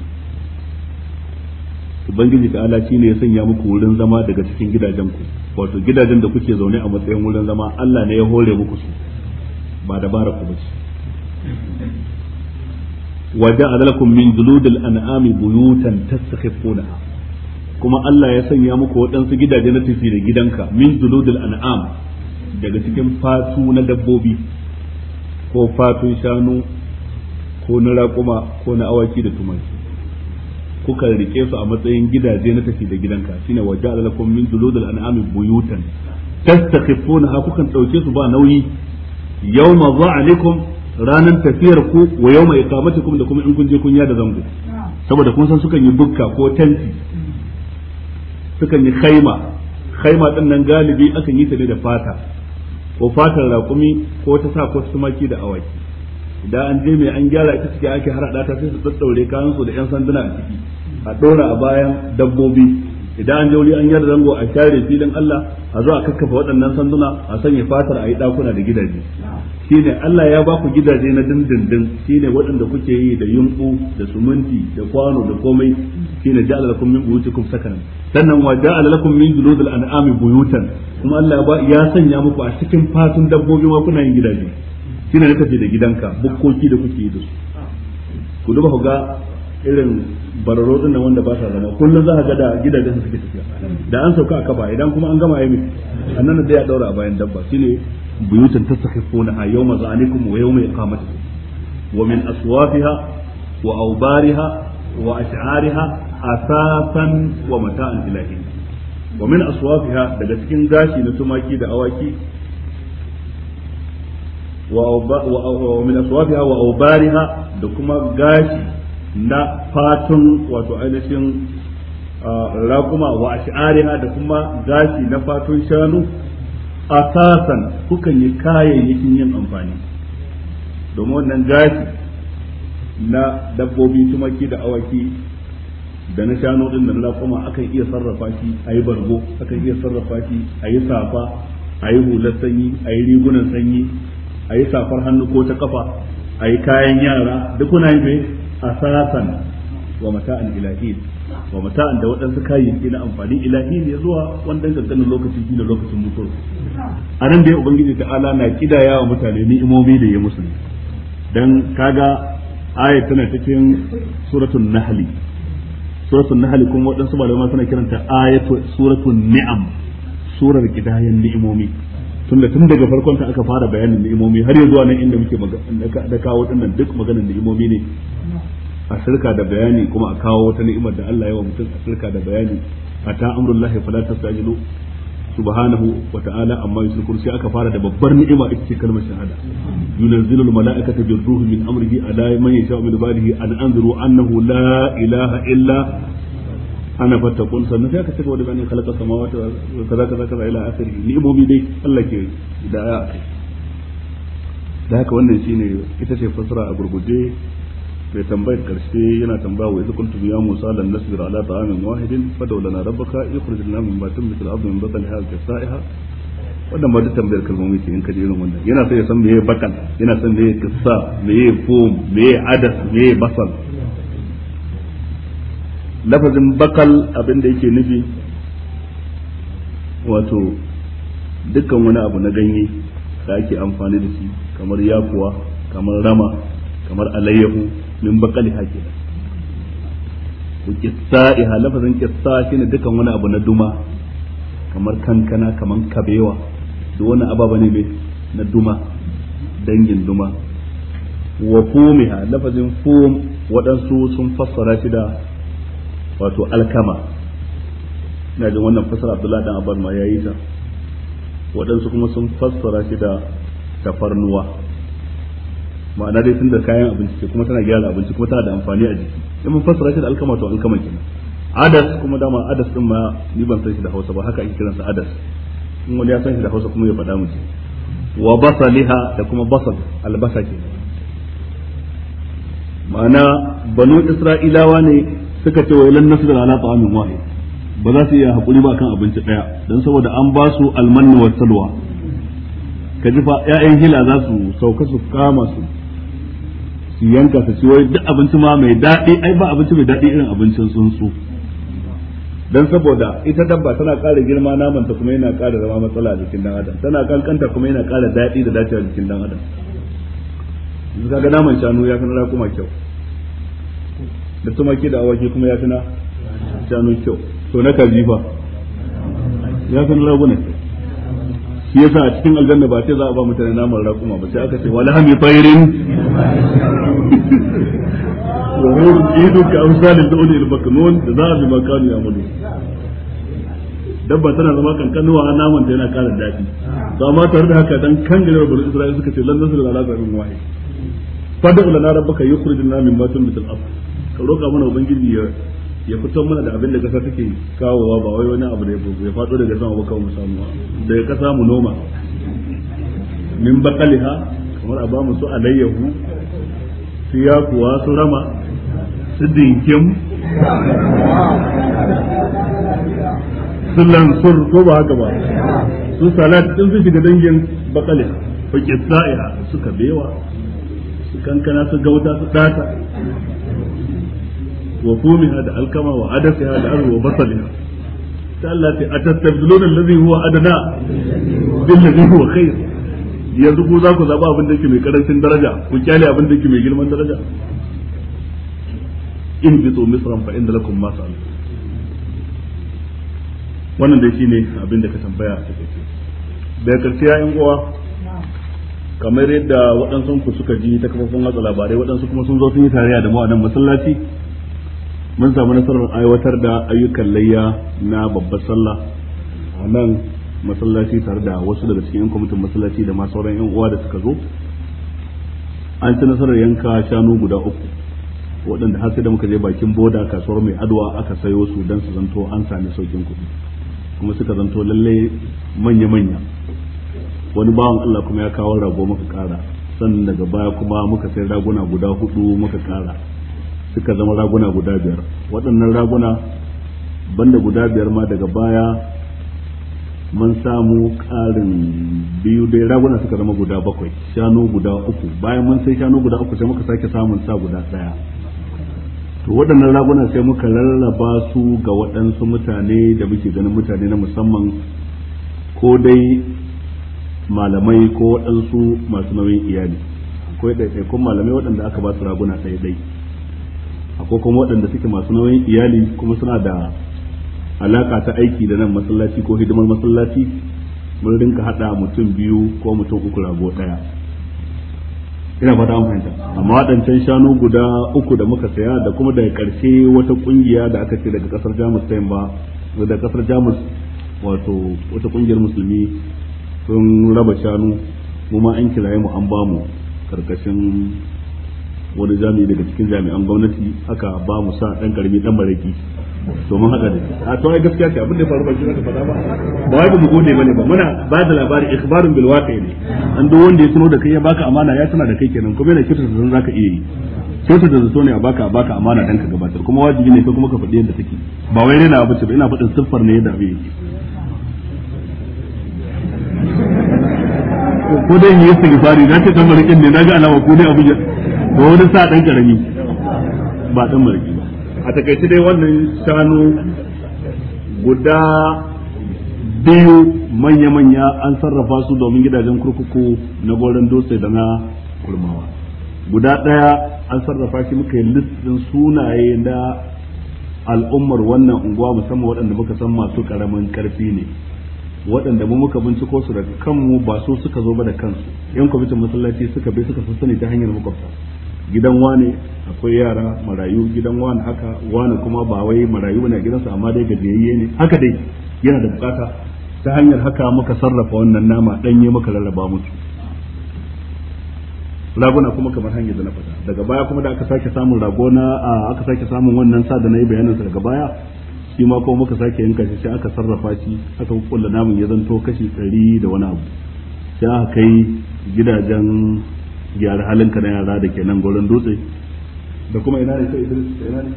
ubangiji ta Allah shine ya sanya muku wurin zama daga cikin gidajen ku wato gidajen da kuke zaune a matsayin wurin zama Allah ne ya hore muku su ba dabara ku ba wa ja'ala lakum min juludil an'ami buyutan tastakhifunaha kuma Allah ya sanya muku waɗansu gidaje na tafi da gidanka min an'am daga cikin fatu na dabbobi ko fatun shanu ko na raƙuma ko na awaki da tumaki kuka rike su a matsayin gidaje na tafi da gidanka shine wa ja'ala lakum min juludil an'ami buyutan tastakhifunaha kukan dauke su ba nauyi yawma za'alikum ranan tafiyar ku wa yau kamata kuma da kuma in kun je kun yada zango saboda kun san sukan yi bukka ko tanti sukan yi khaima khaima din nan galibi akan yi ta ne da fata ko fatar raƙumi ko ta sa ko tumaki da awaki idan an je mai an gyara ita ciki ake harada ta sai su tsattsaure kayan su da yan sanduna a ciki a dora a bayan dabbobi idan an je wuri an gyara zango a share filin Allah a zo a kakkafa waɗannan sanduna a sanya fatar a yi dakuna da gidaje shine Allah ya ba ku gidaje na dindindin shine waɗanda kuke yi da yunku da suminti da kwano da komai shine ja'ala lakum min buyutikum sakanan sannan wa ja'ala lakum min juludil an'ami buyutan kuma Allah ya sanya muku a cikin fatun dabbobi ma kuna yin gidaje shine nake da gidanka bukkoki da kuke yi da su ku duba ku ga irin bararo din nan wanda ba sa zama kullum za ka ga da gidajen suke tafiya da an sauka a kaba idan kuma an gama yi annan da ya daura a bayan dabba shine buyutan tastakhifunaha yawma zanikum wa yawma iqamatikum wa min aswafiha wa awbariha wa ash'ariha asasan wa mata'an ilahi wa min daga cikin gashi na tumaki da awaki wa min aswafiha da kuma gashi na fatun wato ainihin ah, raƙuma wa ash'ariha da kuma gashi na fatun shanu asasan kukan yi kayayyakin yin amfani domin wannan gashi na dabbobi tumaki da awaki da na shanu din da na kuma akan iya sarrafa shi a yi bargo akan iya sarrafa shi a yi safa a yi hular sanyi a yi rigunan sanyi a yi safar hannu ko ta kafa a yi kayan yara duk kuna yi mai asasan wa mata'an ilahi wa mata'an da waɗansu kayayyaki na amfani ilahi ne zuwa wanda kankanin lokaci ne lokacin mutuwa a nan da ubangiji ta ala na kidaya wa mutane ni'imomi da ya musu dan kaga ayat tana cikin suratul nahli suratul nahli kuma waɗansu malamai suna kiranta ayatu suratul ni'am surar kidayan ni'imomi tunda tun daga farkon ta aka fara bayanin ni'imomi har yanzu nan inda muke magana da kawo waɗannan duk maganar ni'imomi ne a sirka da bayani kuma a kawo wata ni'imar da Allah ya wa mutum a sirka da bayani a ta amrullahi fala tastajilu subhanahu wa ta'ala amma yusrikun aka fara da babbar ni'ima ita ce kalmar shahada yunazzilu al mala'ikata bi ruhi min amrihi ala man yasha'u min ibadihi an anziru annahu la ilaha illa ana sai aka da khalaqa samawati wa kaza kaza kaza ila ni'imomi dai Allah ke da ya da haka wannan shine ita ce fasara a gurguje sai tambayar karshe yana tambaya wa izkuntu ya musa lan nasbir ala ta'amin wahidin fadaw lana rabbaka yukhrij lana min batin mithl abdin min bakal hadha kasaiha wannan ba duk tambayar kalmomi ce yanka ka je wannan yana so ya san meye bakal yana san meye kissa meye fom meye adas meye basal lafazin bakal abin da yake nufi wato dukkan wani abu na ganye da ake amfani da shi kamar yakuwa kamar rama kamar alayyahu min baqali hakida ha lafazin qissa shine dukan wani abu na duma kamar kankana kamar kabewa duk wani ababa ne mai na duma dangin duma wa fumiha lafazin fum waɗansu sun fassara shi da wato alkama ina jin wannan fassara Abdullahi dan Abbar ma yayi ta waɗansu kuma sun fassara shi da tafarnuwa ma'ana dai tun da kayan abinci ce kuma tana gyara abinci kuma tana da amfani a jiki in mun fassara shi da alkama to alkama kenan adas kuma dama adas din ma ni ban san shi da Hausa ba haka ake kiransa adas in wani ya san shi da Hausa kuma ya faɗa mu wa basaliha da kuma basal albasa kenan ma'ana banu isra'ilawa ne suka ce wa ilan nasu da ala ta'amin wahid ba za su iya haƙuri ba kan abinci ɗaya don saboda an ba su almanni wa salwa ka ji fa ƴaƴan hila za su sauka su kama su su yanka su ci wai duk abinci ma mai daɗi ai ba abinci mai daɗi irin abincin tsuntsu dan saboda ita dabba tana ƙara girma naman ta kuma yana ƙara zama matsala a jikin dan adam tana kankanta kuma yana ƙara daɗi da dacewa jikin dan adam yanzu kaga naman shanu ya fi na kuma kyau da tumaki da awaki kuma ya fi na shanu kyau to na kajifa ya fi na raguna kyau shi yasa a cikin aljanna ba sai za a ba mutane naman raƙuma ba sai aka ce wala hami tayrin wa hurun idu ka amsal al dawl al bakmun da za a bi makan ya mudu dabba tana zama kankanuwa a naman ta yana ƙara daɗi to amma tare da haka dan kangarar bani isra'ila suka ce lan nasru ala zabin wahid fadu lana rabbaka yukhrijuna mithl al ardh ka roka mana ubangiji ya ya fito mana da abin da kasa take kawowa ba wai wani abu da ya fado daga sama ba kawai mu samu daga kasa mu noma min bakaliha kamar a ba mu su alayyahu su yakuwa su rama su dinkim
su lansur ko ba haka ba su salat
din su shiga dangin bakaliha fa kisa'iha suka bewa su kankana su gauta su ɗata. wa fumiha da alkama wa adasiha da arwa wa basaliha ta Allah ce atastabdiluna allazi huwa adana billazi huwa khair yanzu ku za ku zaba abin da ke mai karancin daraja ku kyale abin da ke mai girman daraja in bitu misran fa inda lakum ma sa'al wannan dai shine abin da ka tambaya a take da ya karshe ya yan uwa kamar yadda waɗansu ku suka ji ta kafafun watsa labarai waɗansu kuma sun zo sun yi tarayya da mu a nan masallaci mun samu nasarar aiwatar da ayyukan layya na babbar sallah a nan masallaci tare da wasu daga cikin yan kwamitin masallaci da masu sauran yan uwa da suka zo an ci nasarar yanka shanu guda uku waɗanda har sai da muka je bakin boda kasuwar mai adwa aka sayo su don su zanto an sami saukin kuɗi kuma suka zanto lalle manya-manya wani bawan Allah kuma ya kawo rago muka ƙara sannan daga baya kuma muka sai raguna guda hudu muka ƙara suka zama raguna guda biyar waɗannan raguna banda guda biyar ma daga baya mun samu ƙarin biyu dai raguna suka zama guda bakwai shanu guda uku bayan mun sai shanu guda uku sai muka sake samun sa guda ɗaya to waɗannan raguna sai muka lallaba su ga waɗansu mutane da muke ganin mutane na musamman ko dai malamai ko waɗansu masu nauyin iyali akwai ɗaiɗaikun malamai waɗanda aka ba su raguna ɗaiɗai akwai kuma waɗanda suke masu nauyin iyali kuma suna da alaka ta aiki da nan masallaci ko hidimar masallaci mun rinka hada mutum biyu ko mutum uku rago daya ina fata an fahimta amma waɗancan shanu guda uku da muka saya da kuma daga ƙarshe wata ƙungiya da aka ce daga ƙasar jamus ta yamma daga ƙasar jamus wato wata ƙungiyar musulmi sun raba shanu mu ma an kilaye mu an bamu karkashin wani jami'i daga cikin jami'an gwamnati aka ba mu sa dan karbi dan maraki to mun haka da a to ai gaskiya ce abin da faru ba shi zaka fada ba ba wai mu gode bane ba muna ba da labari ikhbarun bil waqi ne an duk wanda ya tuno da kai ya baka amana ya tuna da kai kenan kuma yana kirtar zan zaka iya yi kirta da zato ne a baka a baka amana dan ka gabatar kuma wajibi ne sai kuma ka faɗi yadda take ba wai rena ba ce ba ina faɗin siffar ne yadda abin yake ko dai yi istighfari na ce tambarin ne na ga alama ko dai abin ko wani sa dan karami ba dan marki ba a takaice dai wannan shanu guda biyu manya-manya an sarrafa su domin gidajen kurkuku na goron dutse da na kurmawa guda ɗaya an sarrafa shi muka yi listin sunaye na al'ummar wannan unguwa musamman waɗanda muka san masu ƙaramin ƙarfi ne waɗanda mu muka binciko su daga kanmu ba su suka zo ba da kansu yan kwamitin masallaci suka bi suka sassani ta hanyar makwabta gidan wane akwai yara marayu gidan wane haka wane kuma ba wai marayu bane gidansa amma dai gajiyayye ne haka dai yana da bukata ta hanyar haka muka sarrafa wannan nama danye muka rarraba musu raguna kuma kamar hanyar da na fata daga baya kuma da aka sake samun ragona aka sake samun wannan sa da na yi bayanin sa daga baya shi ma kuma muka sake yanka shi sai aka sarrafa shi aka kulla namun ya zanto kashi 100 da wani abu sai aka kai gidajen gyara halinka na yara da ke nan gurin dutse da kuma ina ne sai idris ina ne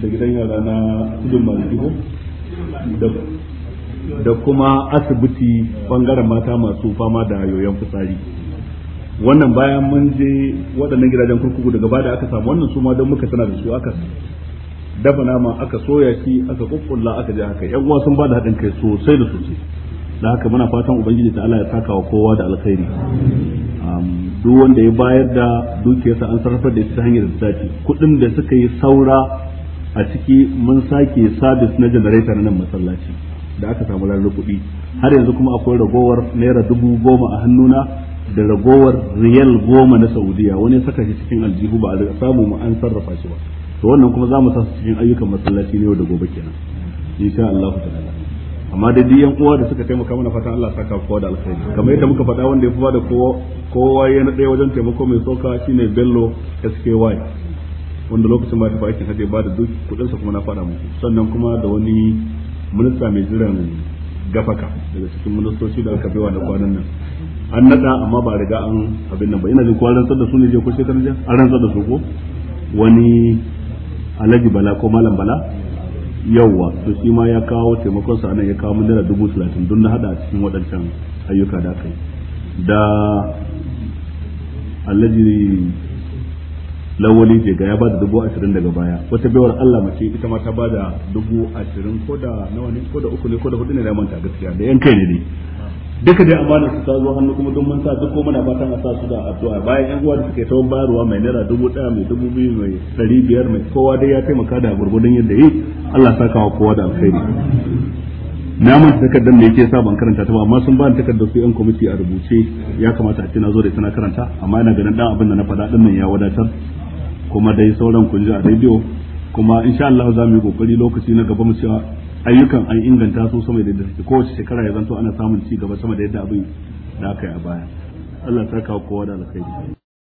da gidan yara na tudun maliki ko da kuma asibiti bangaren mata masu fama da yoyon fitsari wannan bayan mun je waɗannan gidajen kurkuku daga bada aka samu wannan su ma don muka tana da su aka dafa nama aka soya shi aka kukkulla aka je haka yan uwa sun bada haɗin kai sosai da sosai da haka muna fatan ubangiji ta ala ya saka wa kowa da alkhairi duk wanda ya bayar da dukiyarsa an sarrafa da ta hanyar da dace kuɗin da suka yi saura a ciki mun sake sabis na na nan masallaci da aka samu ranar kuɗi har yanzu kuma akwai ragowar naira dubu goma a hannuna da ragowar riyal goma na saudiya wani saka shi cikin aljihu ba a samu mu an sarrafa shi ba to wannan kuma za mu sa su cikin ayyukan masallaci ne yau da gobe kenan insha Allah ta'ala amma da duk yan uwa da suka taimaka mana fatan Allah saka kowa da alkhairi kamar yadda muka faɗa wanda ya fi bada kowa kowa ya na ɗaya wajen taimako mai soka shine Bello SKY wanda lokacin ma tafi aikin hajji ba da duk kudin sa kuma na faɗa muku sannan kuma da wani minista mai jiran gafaka daga cikin ministoci da aka baiwa da kwanan nan an nada amma ba riga an abin nan ba ina jin ko an da su ne je ko shekaran jiya an rantsar da su ko wani Alhaji Bala ko Malam Bala yawwa to shi ma ya kawo taimakon sa nan ya kawo mun dala dubu talatin don na hada a cikin waɗancan ayyuka da aka yi da allaji lawali je ga ya bada dubu ashirin daga baya wata baiwar Allah mace ita ma ta bada dubu ashirin ko da nawa ne ko da uku ne ko da hudu ne da manta gaskiya da yan kai ne duka dai amanar su ta zo hannu kuma don mun sa duk ko muna fatan a sa su da addu'a bayan yan uwa da suke yi tawon bayarwa mai naira dubu ɗaya mai dubu biyu mai ɗari biyar mai kowa dai ya taimaka da gurgudun yadda yi Allah sa kawo kowa da alkhairi na manta takardar da yake sa ban karanta ta ba amma sun bani takardar su yan kwamiti a rubuce ya kamata a ce na zo da ita na karanta amma ina ganin dan abin da na faɗa ɗin nan ya wadatar kuma dai sauran kun ji a rediyo kuma insha Allah za mu yi kokari lokaci na gaba mu cewa ayyukan an inganta su sama da yadda suke kowace shekara ya zanto ana samun ci gaba sama da yadda abin da aka yi a baya Allah ta kawo kowa da alkhairi